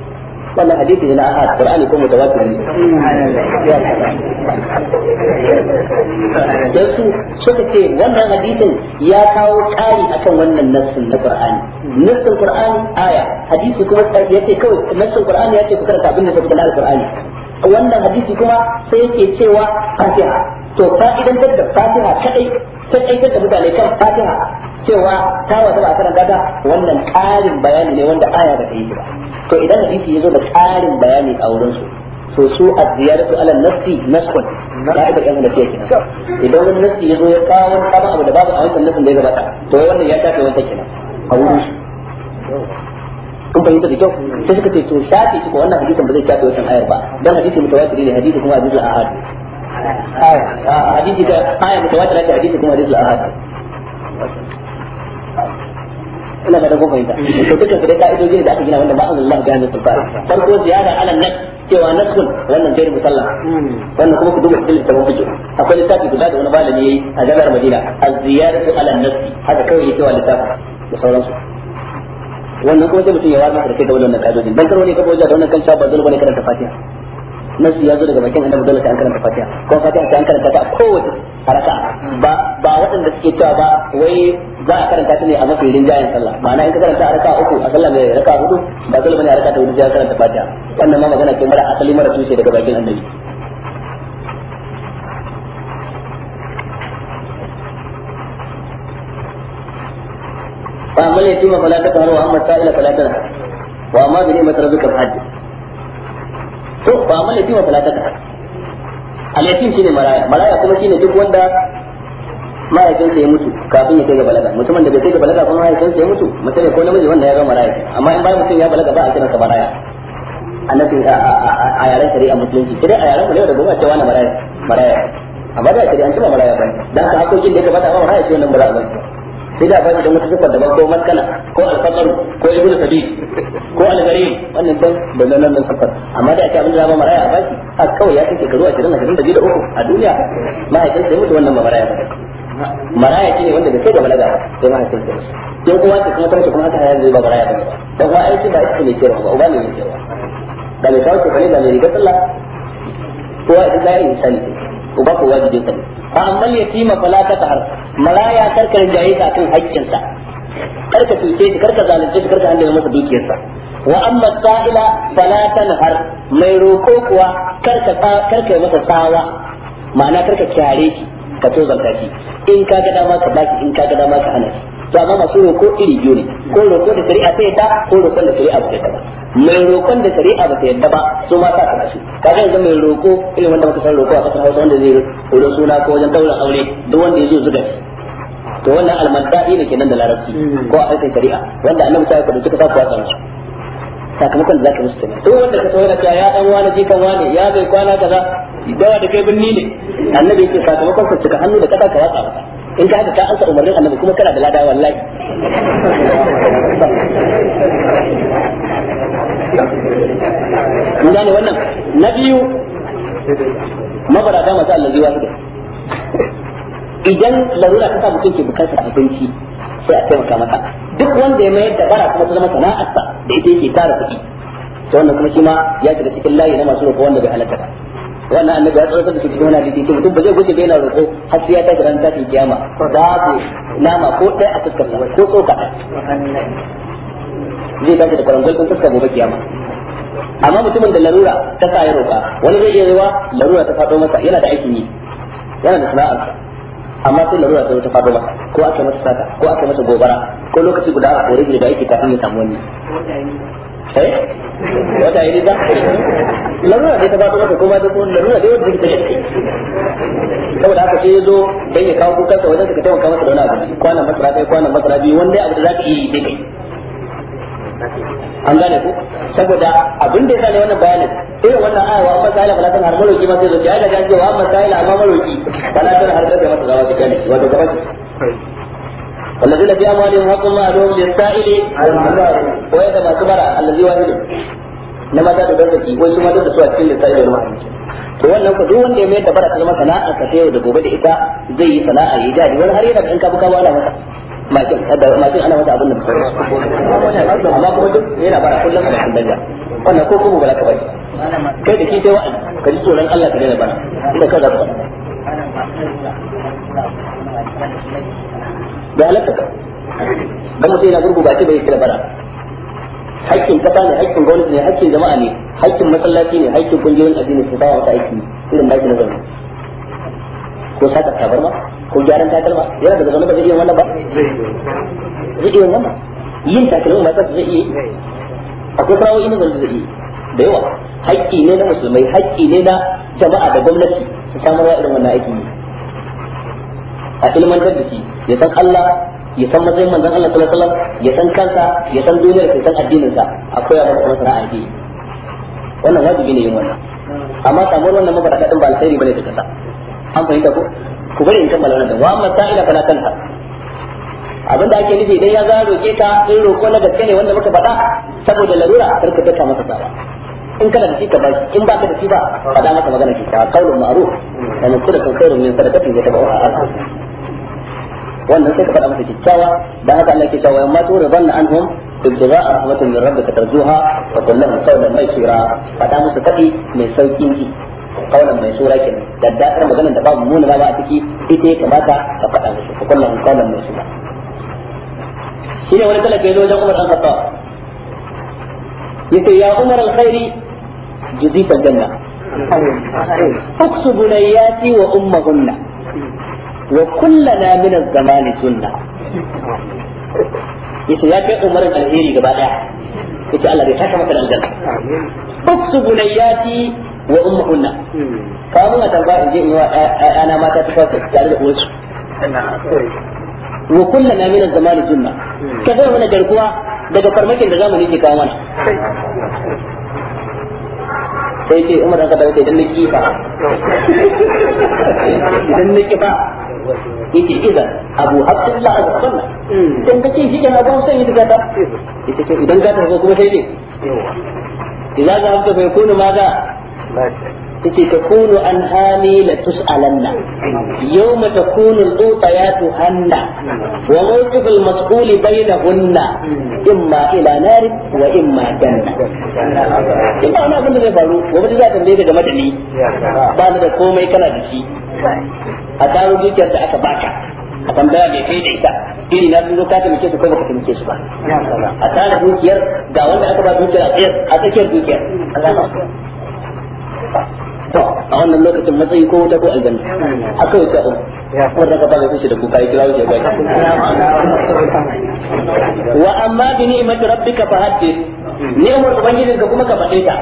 wannan hadisi ne na a Qur'ani ko mutawatir ne dan su suka ce wannan hadisin ya kawo ƙari akan wannan nassin na Qur'ani nassin Qur'ani aya hadisi kuma ce kawai nassin Qur'ani ce ku karanta abin da suka na Qur'ani wannan hadisi kuma sai yake cewa Fatiha to fa'idan da Fatiha kadai sai aikar da mutane kan Fatiha cewa ta wata ba karanta ta wannan ƙarin bayani ne wanda aya da ta yi ba to idan hadisi ya zo da ƙarin bayani a wurin su to su a ziyaratu ala nafsi naskun da aka kan lafiya kenan idan wani nafsi ya zo ya kawo kama abu da babu a wannan nafsin da ya gabata to wannan ya tafi wancan kenan a wurin su kun bayyana da kyau sai suka ce to shafi shi ko wannan hadisin ba zai tafi wancan ayar ba dan hadisi mutawatir ne hadisi kuma hadisi ahad hadisi da aya mutawatir ne hadisi kuma hadisi ahad ina ba da ko fahimta to duka su dai ka'idoji da aka gina wanda ba an Allah gane su ba farko ziyara ala nak cewa nasun wannan jari musalla wannan kuma ku duba cikin littafin fiqh akwai littafi guda da wani malami yayi a jami'ar Madina az-ziyaratu ala nafsi haka kawai yake wa littafi da sauransu wannan kuma sai mutum ya wani da kai da wannan ka'idojin dan karo ne ka boja da wannan kan ba dole bane karanta fatiha nasi ya zo daga bakin annabi dole sai an karanta fatiha ko fatiha sai an karanta ta kowace haraka ba ba waɗanda suke cewa ba wai za a karanta ta ne a mafi rinjayen sallah ma'ana in ka karanta a raka uku a sallah mai raka hudu ba dole bane a raka ta hudu sai karanta fatiha wannan ma magana ce mara asali mara tushe daga bakin annabi فأما اليتيم فلا تقهر وأما السائل wa تنهر bi بنعمة ربك فحدث to ba amma yatima fala ta ta al yatim shine maraya maraya kuma shine duk wanda mahaifinsa ya mutu kafin ya kai ga balaga mutumin da bai kai ga balaga ba mahaifinsa ya mutu mutane ko namiji wanda ya gama raya amma in bai mutum ya balaga ba a sa baraya a nafin a yaren shari'a musulunci kire a yaren kulewa da goma cewa na baraya baraya amma da shari'a an ce baraya ba dan ka hakokin da ka bata ba baraya ce wannan ba sai da bai da wata da daban ko maskala ko alfaqar ko ibnu sabi ko algari wannan dan da nan nan sifar amma da ake abin da ba maraya ba baki a kawai ya kace karuwa 20 23 a duniya ma ya kace mutu wannan ba maraya ba maraya shine wanda da kai da balaga sai ma hakin ta dan uwa ta kuma tarsa kuma ta hayar zai ba maraya ba dan uwa aiki ba aiki ne kewa ba uba ne ne kewa da mai kawo kafani da mai ga sallah kowa idan zai yi sani uba ko wajibi ka ne fa amma yatima fala ta tahar maraya karkar jayi ka kan haƙƙin sa karka tuce shi karka zalunce shi karka handle masa dukiyarsa wa amma sa'ila fala tanhar mai roko kuwa karka karka masa tsawa ma'ana karka kyare shi ka zanta shi in ka ga dama ka baki in ka ga dama ka hana shi to amma masu roko iri biyu ne ko roko da shari'a ta yadda ko roko da shari'a ba ta yadda mai roƙon da shari'a ba ta yadda ba su ma ta kana su kaga yanzu mai roko irin wanda muka san roko a kasar Hausa wanda zai roƙo suna ko wajen daular aure duk wanda ya zo zuga shi to wannan almadadi ne kenan da larabci ko a aikin shari'a wanda annabi ta yi kudu suka sa kuwa sakamakon da zaka musu kenan duk wanda ka tsoya ka ya dan wani jikan wani ya bai kwana kaza dawa da kai binni ne annabi yake sakamakon ka cika hannu da kada ka watsa in ka haka ka ansa umarnin annabi kuma kana da lada wallahi mun gane wannan na biyu mabarata masu allazi wasu idan larura ta sa mutum ke bukatar abinci sai a taimaka masa duk wanda ya mayar da bara kuma ta zama sana'arsa da ita yake tara kuɗi to wannan kuma shi ma ya shiga cikin layi na masu roƙo wanda bai halatta ba wannan annabi ya tsoratar da shi cikin wani hadisi ce mutum ba zai gushe bai na roƙo har sai ya tashi ran tashin kiyama babu nama ko ɗaya a fuskar sa ko tsoka zai tashi da kwarangol ɗin fuskar gobe kiyama amma mutumin da larura ta sa ya roƙa wani zai iya ruwa larura ta faɗo masa yana da aikin yi yana da sana'arsa amma sai larura ta wata faɗo masa ko aka masa sata ko aka masa gobara ko lokaci guda a kore da yake kafin ya samu wani eh wata yi da larura dai ta faɗo masa ko ma dai kuma larura dai wanda take take saboda haka sai ya zo dan ya kawo kukansa wajen ka taimaka masa da wani abu kwanan masara kai kwanan masara biyu wanda abu da zaka yi dai kai an gane ku saboda abin da ya sani wannan bayanin irin wannan aya wa amma sa'ila fala har maroki ma sai zo ya daga wa amma sa'ila amma maroki fala har da mata zawa ne wato gaba في أموالهم حق للسائل ما الذي واحد na da darzaki wai su ma da su a cikin da wannan ku wanda ya mai da bara ta zama sana'a ta da gobe da ita zai yi sana'a ya jari wani har yana in ka buka ba masa makin makin ana mata abin da ba amma kuma duk yana bara kullum da danja wannan ko kuma ba ka bari kai da kike wa'azi ka ji tsoron Allah ka daina bana inda ka zaba da halatta dan mutum yana gurgu ba ce bai kira bara haƙƙin kasa ne haƙƙin gwamnati ne haƙƙin jama'a ne haƙƙin masallaci ne haƙƙin kungiyoyin addini su ba wata aiki irin baki na gwamnati ko saka ma ko gyaran takalma yana daga zaune ba zai iya wannan ba zai iya wannan yin takalma ba zai iya akwai kawo ina zai iya da yawa haƙƙi ne na musulmai haƙƙi ne na jama'a da gwamnati su samar wa irin wannan aiki a ilmantar da shi ya san Allah ya san matsayin manzon Allah sallallahu alaihi wasallam ya san kansa ya san duniyar ya san addinin sa akwai abin da masana addini wannan wajibi ne yin wannan amma samuwar wannan mabaraka din ba alkhairi bane da kasa an fahimta ko ku bari in kammala wannan wa amma sa'ila kana kanta abin da ake nufi dai ya za roke ka in roko na gaske ne wanda muka faɗa saboda larura kar ka ta masa sawa in kana da shi ka bashi in ba ka da shi ba faɗa maka magana ki ka kaulun ma'ruf wa kula kan khairun min sadaqatin yatabawa asan wannan sai ka faɗa masa kikkiawa dan haka Allah ke cewa yamma tu rabanna anhum ibtigha'a rahmatin min rabbika tarjuha wa qul lahum mai shira faɗa musu faɗi mai sauƙin ji kaunan mai sura ke da dadar maganar da babu muna ba a ciki ita ya kamata ka faɗa musu ka kullum kaunan mai sura shi ne wani talaka ya zo wajen Umar al-Khattab yace ya Umar al-Khairi ta janna اكسب بنياتي وامهن وكلنا من الزمان sunna yace ya kai umarin alheri gaba daya yace Allah bai saka maka da aljanna amin uksu bunayati wa ummuhunna ka mun tamba in je in wa ana mata ta farko tare da uwarsu wa kullu na min zaman junna ka zai mana garkuwa daga farmakin da zamani ke kawo mana sai ce umar ka dauke idan na kifa idan na kifa yace idan abu abdullah al-sunna dan kace shi kan abu sai da gata yace idan gata ko kuma sai ne idan ga ta bai kunu ma da تتي تكون أنهامي لتسألن يوم تكون الأوطيات هن وموقف المسؤول بينهن إما إلى نار وإما جنة إما أنا أقول لك بارو ومتى ذات الليل za ta بعد ذلك كومي كان دشي أتارو جيكي أنت أتباكا a tambaya mai kai da ita iri na sun zo ka su ko baka taimake su ba a tara dukiyar ga wanda aka ba dukiyar a tsakiyar dukiyar to a wannan lokacin matsayi ko wuta ko aljanna hmm. akwai ta wannan ka fara shi da kuka yi kira wuce bai wa amma bi ni'mati rabbika fa haddith ni'mar ka kuma ka faɗe ta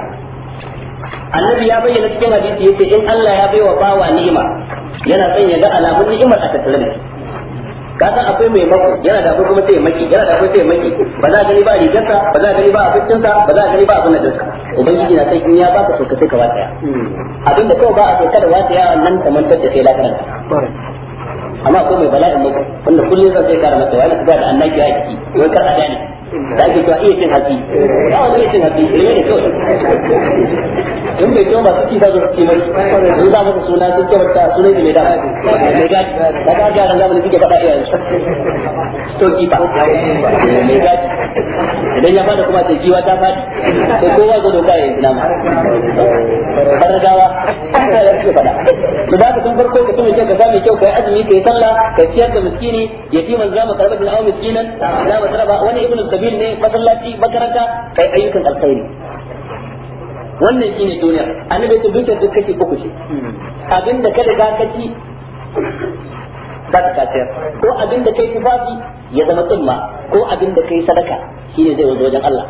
annabi ya bayyana cikin hadisi yace in Allah ya baiwa bawa ni'ima yana son ya ga alamun ni'imar a tattare da shi ka akwai mai mako yana da kuma sai maki yana da kuma sai maki ba za gani ba rigarsa ba za gani ba abincinsa ba za gani ba abin da dinsa ubangiji na san in ya baka so ka sai ka ya abin da kawai ba a kai kada ya nan kamar da sai lakaran amma akwai mai bala'in mako wanda kullum zan sai kara masa wani da annabi ya ciki wai kar a gane da ake cewa iya cin hatsi yawan iya cin hatsi ne eh, ne kawai in bai kyau masu kisa zuwa kimar sun za masa suna sun kyau suna ne mai dama mai gaji da ka ga ranar da suke faɗa iya yanzu to kifa mai gaji idan ya fada kuma sai kiwa ta faɗi to kowa zo doka ya yi nama bargawa ya suke faɗa to da ka san farko ka tuna kyau ka mai kyau ka yi azumi ka yi sallah ka ciyar da miskini yatiman za mu karɓar da na'au miskinan sabil ne masallaci makaranta kai ayyukan alkhairi wannan shine duniya annabi ya dukiyar duk kake uku ce abinda ka riga ka ci ka ko abinda kai tufafi ya zama tsumma ko abinda kai sadaka shine zai wajen Allah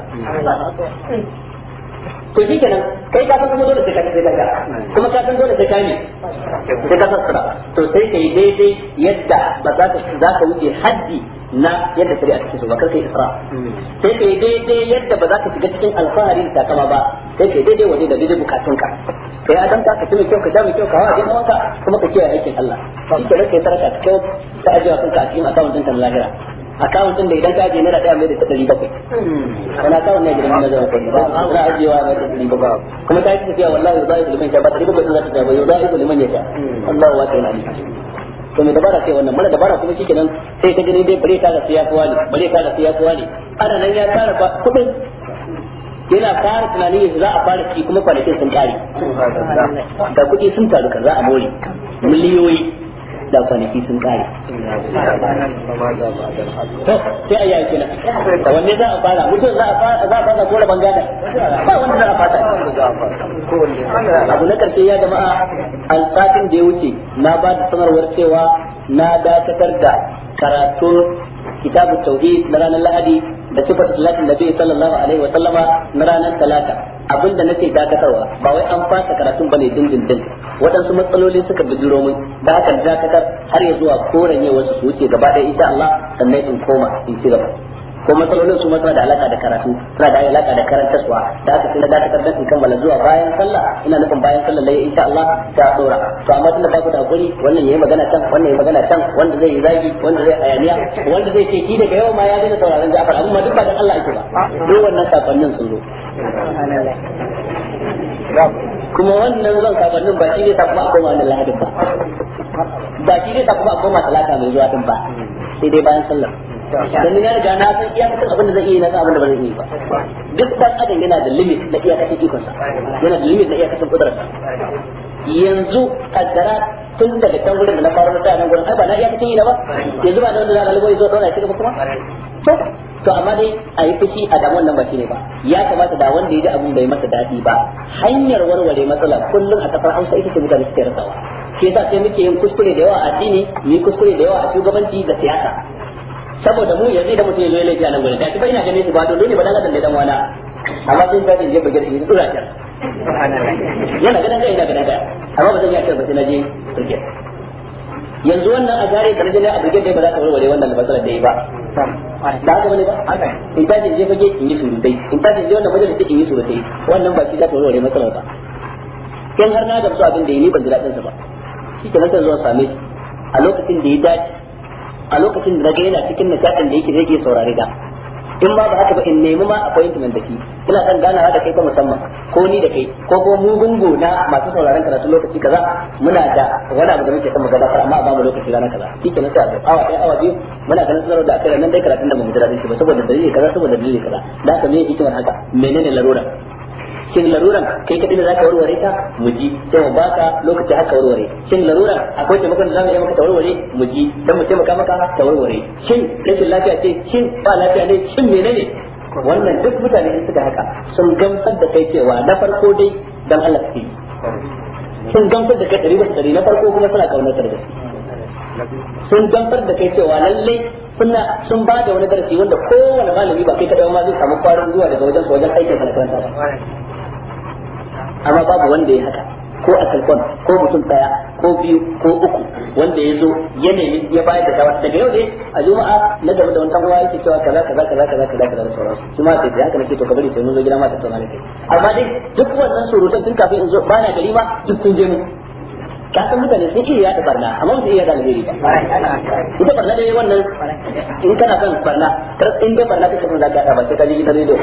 to shi kenan kai ka san kuma dole sai ka sai daga kuma ka san dole sai ka ne sai ka sassara to sai kai daidai yadda ba za ka za ka wuce haddi na yadda sai a cikin ba kar kai isra sai kai daidai yadda ba za ka shiga cikin alfahari da takama ba sai kai daidai waje da daidai ka kai adam ka kace kyau ka jami kyau ka hawa dinka wanka kuma ka kiyaye aikin Allah shi kenan kai taraka kyau ta ajiya kanka a cikin akawun ta na lahira akawun din da idan ka ajiye naira daya mai da ta ɗari bakwai wani akawun ne gidan nazarin kwallo ba suna ajiyewa mai da ɗari bakwai kuma ta yi tafiya wallahi zai ku liman ya ba ɗari bakwai sun za ta ba zai ku liman ya sha Allah wa ta'ala ne to mai dabara sai wannan mara dabara kuma shikenan sai ta gani dai bare ta da siya tuwa ne bare ta da siya tuwa ne ana nan ya fara kuɗin yana fara tunanin yanzu za a fara ci kuma kwanakin sun kare da kuɗi sun taru kan za a more miliyoyi da kwanaki sun kare to sai a yaki na wanne za a fara mutum za a fara za a fara ko raban gada ba wanda za a fara abu na karshe ya jama'a alfatin da ya wuce na ba da sanarwar cewa na dakatar da karatun kitabu tauhid na ranar lahadi da sifatu da nabi sallallahu alaihi wa sallama na ranar talata abinda nake dakatarwa ba wai an fasa karatun bane dindindin waɗansu matsaloli suka bijiro min da aka dakatar har ya zuwa koren wasu su wuce gaba ɗaya insha Allah sannan in koma in ci gaba ko matsalolin su matsala da alaka da karatu suna da alaka da karantarwa da aka da na dakatar da kammala zuwa bayan sallah ina nufin bayan sallah lai insha Allah ta tsora to amma tunda ba ku da hakuri wannan yayi magana can wannan yayi magana can wanda zai yi zagi wanda zai ayaniya wanda zai ce ki daga yau ma ya gina sauraron Ja'far amma duk ba da Allah yake ba duk wannan sakonnin sun zo kuma wannan zan sakonnin ba shi ne ta kuma a koma wannan lahadin ba ba shi ne ta kuma a koma talata mai zuwa din ba sai dai bayan sallah dan ni na riga na san iyakacin abin da zai iya na san abin da ba yi ba duk dan adam yana da limit na iyakacin ikon sa yana da limit na iyakacin kudurar sa yanzu kaddara tun daga can wurin da na fara da nan gurin ba na iyakacin yi na ba yanzu ba da wanda za ka yi zo dole ya ci ba kuma to to amma dai a yi fushi a damuwan nan ba shi ne ba ya kamata da wanda ya ji abin bai masa daɗi ba hanyar warware matsala kullum a kafar hausa ita ce mutane suke rasawa Ke sa sai muke yin kuskure da yawa a addini mu yi kuskure da yawa a shugabanci da siyasa saboda mu yanzu da mutum ya zo ya laifi a nan gurin da kuma ina ganin shi ba dole ne ba dan adam ne dan wala amma sai ka je bugar shi dura ta yana ganin kai ina ganin kai amma ba zan yi ba sai na je turke yanzu wannan a tare da rajin a bugar da ba za ka warware wannan da ba masalar da yi ba da haka bane ba in ta je fage in yi surutai in ta je wannan majalisa in yi surutai wannan ba shi za ta warware matsalar ba in har na gamsu abin da yi ni ban ji daɗin sa ba shi ke nan zuwa same shi a lokacin da ya dace a lokacin da naga yana cikin nishaɗin da yake zai ke saurare da in ba ba haka ba in nemi ma appointment da ki ina son ganawa da kai ta musamman ko ni da kai ko ko mu gungu na masu sauraron karatu lokaci kaza muna da wani abu da muke son mu fara amma ba mu lokaci rana kaza shike na sai awa ɗaya awa biyu muna ganin sanarwa da akai nan dai karatun da mu jira shi ba saboda dalili kaza saboda dalili kaza da haka me hikimar haka menene larura shin laruran kai kadai da zaka warware ta mu ji sai mu baka lokaci haka warware shin laruran akwai taimakon da zamu yi maka ta warware mu ji dan mu taimaka maka ta warware shin kai lafiya ce shin ba lafiya ne shin menene wannan duk mutane sun suka haka sun gamsar da kai cewa na farko dai dan Allah ke sun gamsar da kai dari da dari na farko kuma suna kaunar da sun gamsar da kai cewa lalle suna sun ba da wani darasi wanda kowane malami ba kai kadai ma zai samu kwarin zuwa daga wajen wajen aikin sa na ba amma babu wanda ya haka ko a telefon ko mutum daya ko biyu ko uku wanda ya zo ya nemi ya bayar da shawara daga yau ne a juma'a na gaba da wani uwa yake cewa kaza kaza kaza kaza kaza kaza da sauransu shi ma sai haka nake to ka bari sai mun zo gida ma ta tsama nake amma dai duk wannan surutan tun kafin in zo ba na gari ma duk sun je mu ka san mutane sun iya yada barna amma ba su iya yada alheri ba ita barna dai wannan in kana son barna kar in dai barna kake son zaka ba sai ka ji gidan rediyo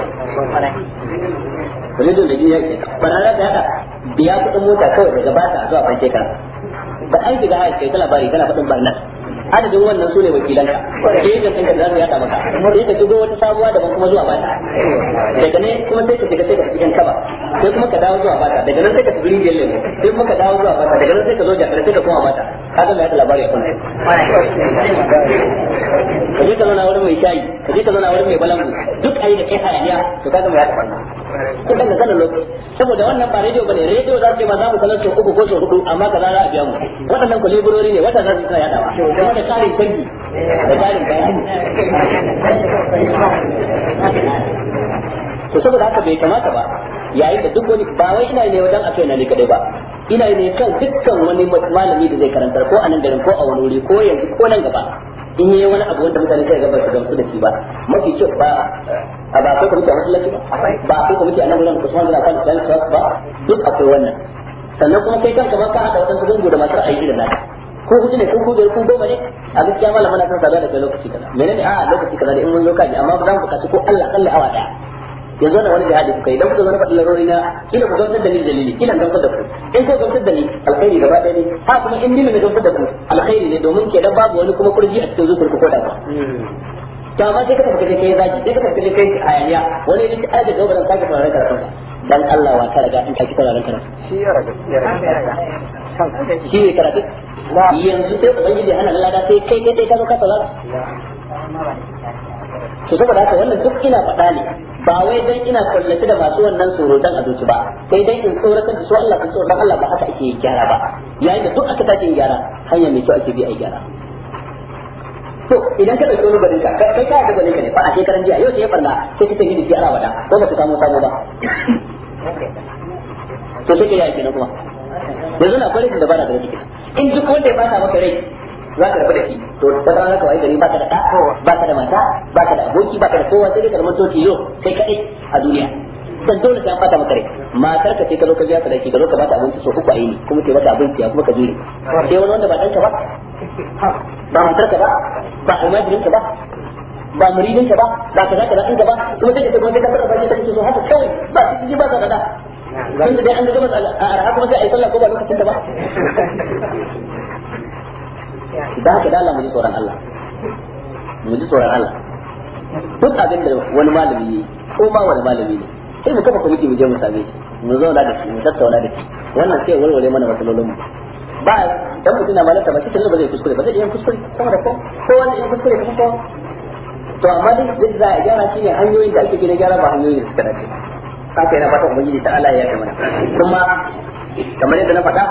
religion da biyu ya ke barara biya kuɗin mota kawai daga ba ta zuwa fanke ka ba aiki ga haka ta labari kana faɗin barna adadin wannan wakilanka ke da su yada maka sai ka shigo wata sabuwa daban kuma zuwa bata daga ne kuma sai ka shiga sai ka cikin kaba sai kuma ka dawo zuwa bata daga nan sai ka tafi rijiyar lemo sai kuma ka dawo zuwa bata daga nan sai ka zo jakar sai ka koma bata ka labari a kunna ka zauna wurin mai shayi ka je ka zauna wurin mai balangu duk ayi da kai hayaniya to ka wannan ko da lokaci saboda wannan ba rediyo bane rediyo za su ce ba za mu kallon uku ko sau hudu amma ka za a biya mu waɗannan kwaliburori ne wata za su yi yadawa da tsarin dangi da tsarin bayani to saboda haka bai kamata ba yayin da duk wani ba wai ina ne wajen akai na ne kadai ba ina ne kan dukkan wani malami da zai karantar ko a nan garin ko a wani wuri ko yanzu ko nan gaba in yi wani abu wanda mutane sai gaba su gamsu da shi ba mafi kyau ba a ba kai kwamiti a masallaci ba ba kai kwamiti a nan wurin kusurwa da kan islamic ba duk akwai wannan sannan kuma kai kanka ba ka haɗa wasan zango da matar aiki da nata ko hudu ne ko ko ko goma ne a gaskiya malam muna son saduwa daga lokaci kaza menene a lokaci kaza da in mun zo kaji amma ba za mu ko Allah kalla awa daya yanzu na wani jihadi kuka yi dan kuka zama faɗin larori na kila ku gamsar da ni dalili kila gamsar da ku in ko gamsar da ni alkhairi gaba ɗaya ne ha kuma in ni ne gamsar da ku alkhairi ne domin ke dan babu wani kuma kurji a cikin zuciyar ku ko da ba to amma sai ka tafi kai zaki sai ka tafi kai hayaniya wani ne ta aje gaba dan sake sauraron karatun dan Allah wa ka riga in ka ki sauraron karatun shi ya riga shi Shi ya karatun yanzu sai ubangiji hana lada sai kai kai kai ka zo ka saurara to saboda haka wannan duk ina faɗa ne ba wai dan ina kullace da masu wannan surutan a zuci ba sai dai in tsoratar da su Allah kan tsoron Allah ba haka ake gyara ba yayin da duk aka tashi gyara hanya mai kyau ake bi a gyara to idan ka dauki wani gwanin ka kai ka ga gwanin ka ne ba a shekaran jiya yau sai ya farna sai kake gidi ki ara wada ko ba ka samu sabo ba to sai ka yi kenan kuma yanzu na kwarin da ba na da ciki in duk wanda ya bata maka rai za ka rabu da shi to ta ba za ka wayi gari ba ka da ta ba ka da mata ba ka da aboki ba ka da kowa sai dai ka zamanto tilo kai kaɗai a duniya dan dole sai an fata maka rai matar ka ce ka zo ka biya sadaki ka zo ka bata abinci so uku a yini kuma sai bata abinci ya kuma ka jure sai wani wanda ba ɗanka ba ba matar ka ba ba almajirin ka ba ba muridin ka ba ba ka kaza ɗin ka ba kuma sai ka ce wanda ka fara ba shi ta ce so haka kawai ba su ji ba ka da tunda dai an ga a arha kuma sai a yi sallah ko ba lokacin da ba da haka da mu ji tsoron Allah mu ji tsoron Allah duk abin da wani malami ne ko ma wani malami ne sai mu kafa kwamiti mu je mu same shi mu zauna da shi mu tattauna da shi wannan sai walwale mana matsalolinmu ba dan mutum na malaka ba cikin ba zai kuskure ba zai yin kuskure sama da ko ko wani yin kuskure kuma ko to amma duk da za a gyara shine hanyoyin da ake gina gyara ba hanyoyin da suka dace haka yana fata ubangiji ta Allah ya yi mana kuma kamar yadda na faɗa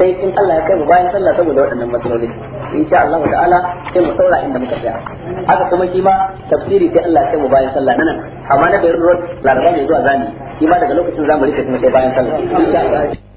sai in Allah ya kai mu bayan sallah saboda waɗannan matsaloli in sha Allah ta'ala sai mu saura inda muka tsaya haka kuma shi ma tafsiri sai Allah ya kai mu bayan sallah nan amma na bayan road laraba mai zuwa zani shi ma daga lokacin zamu rike kuma sai bayan sallah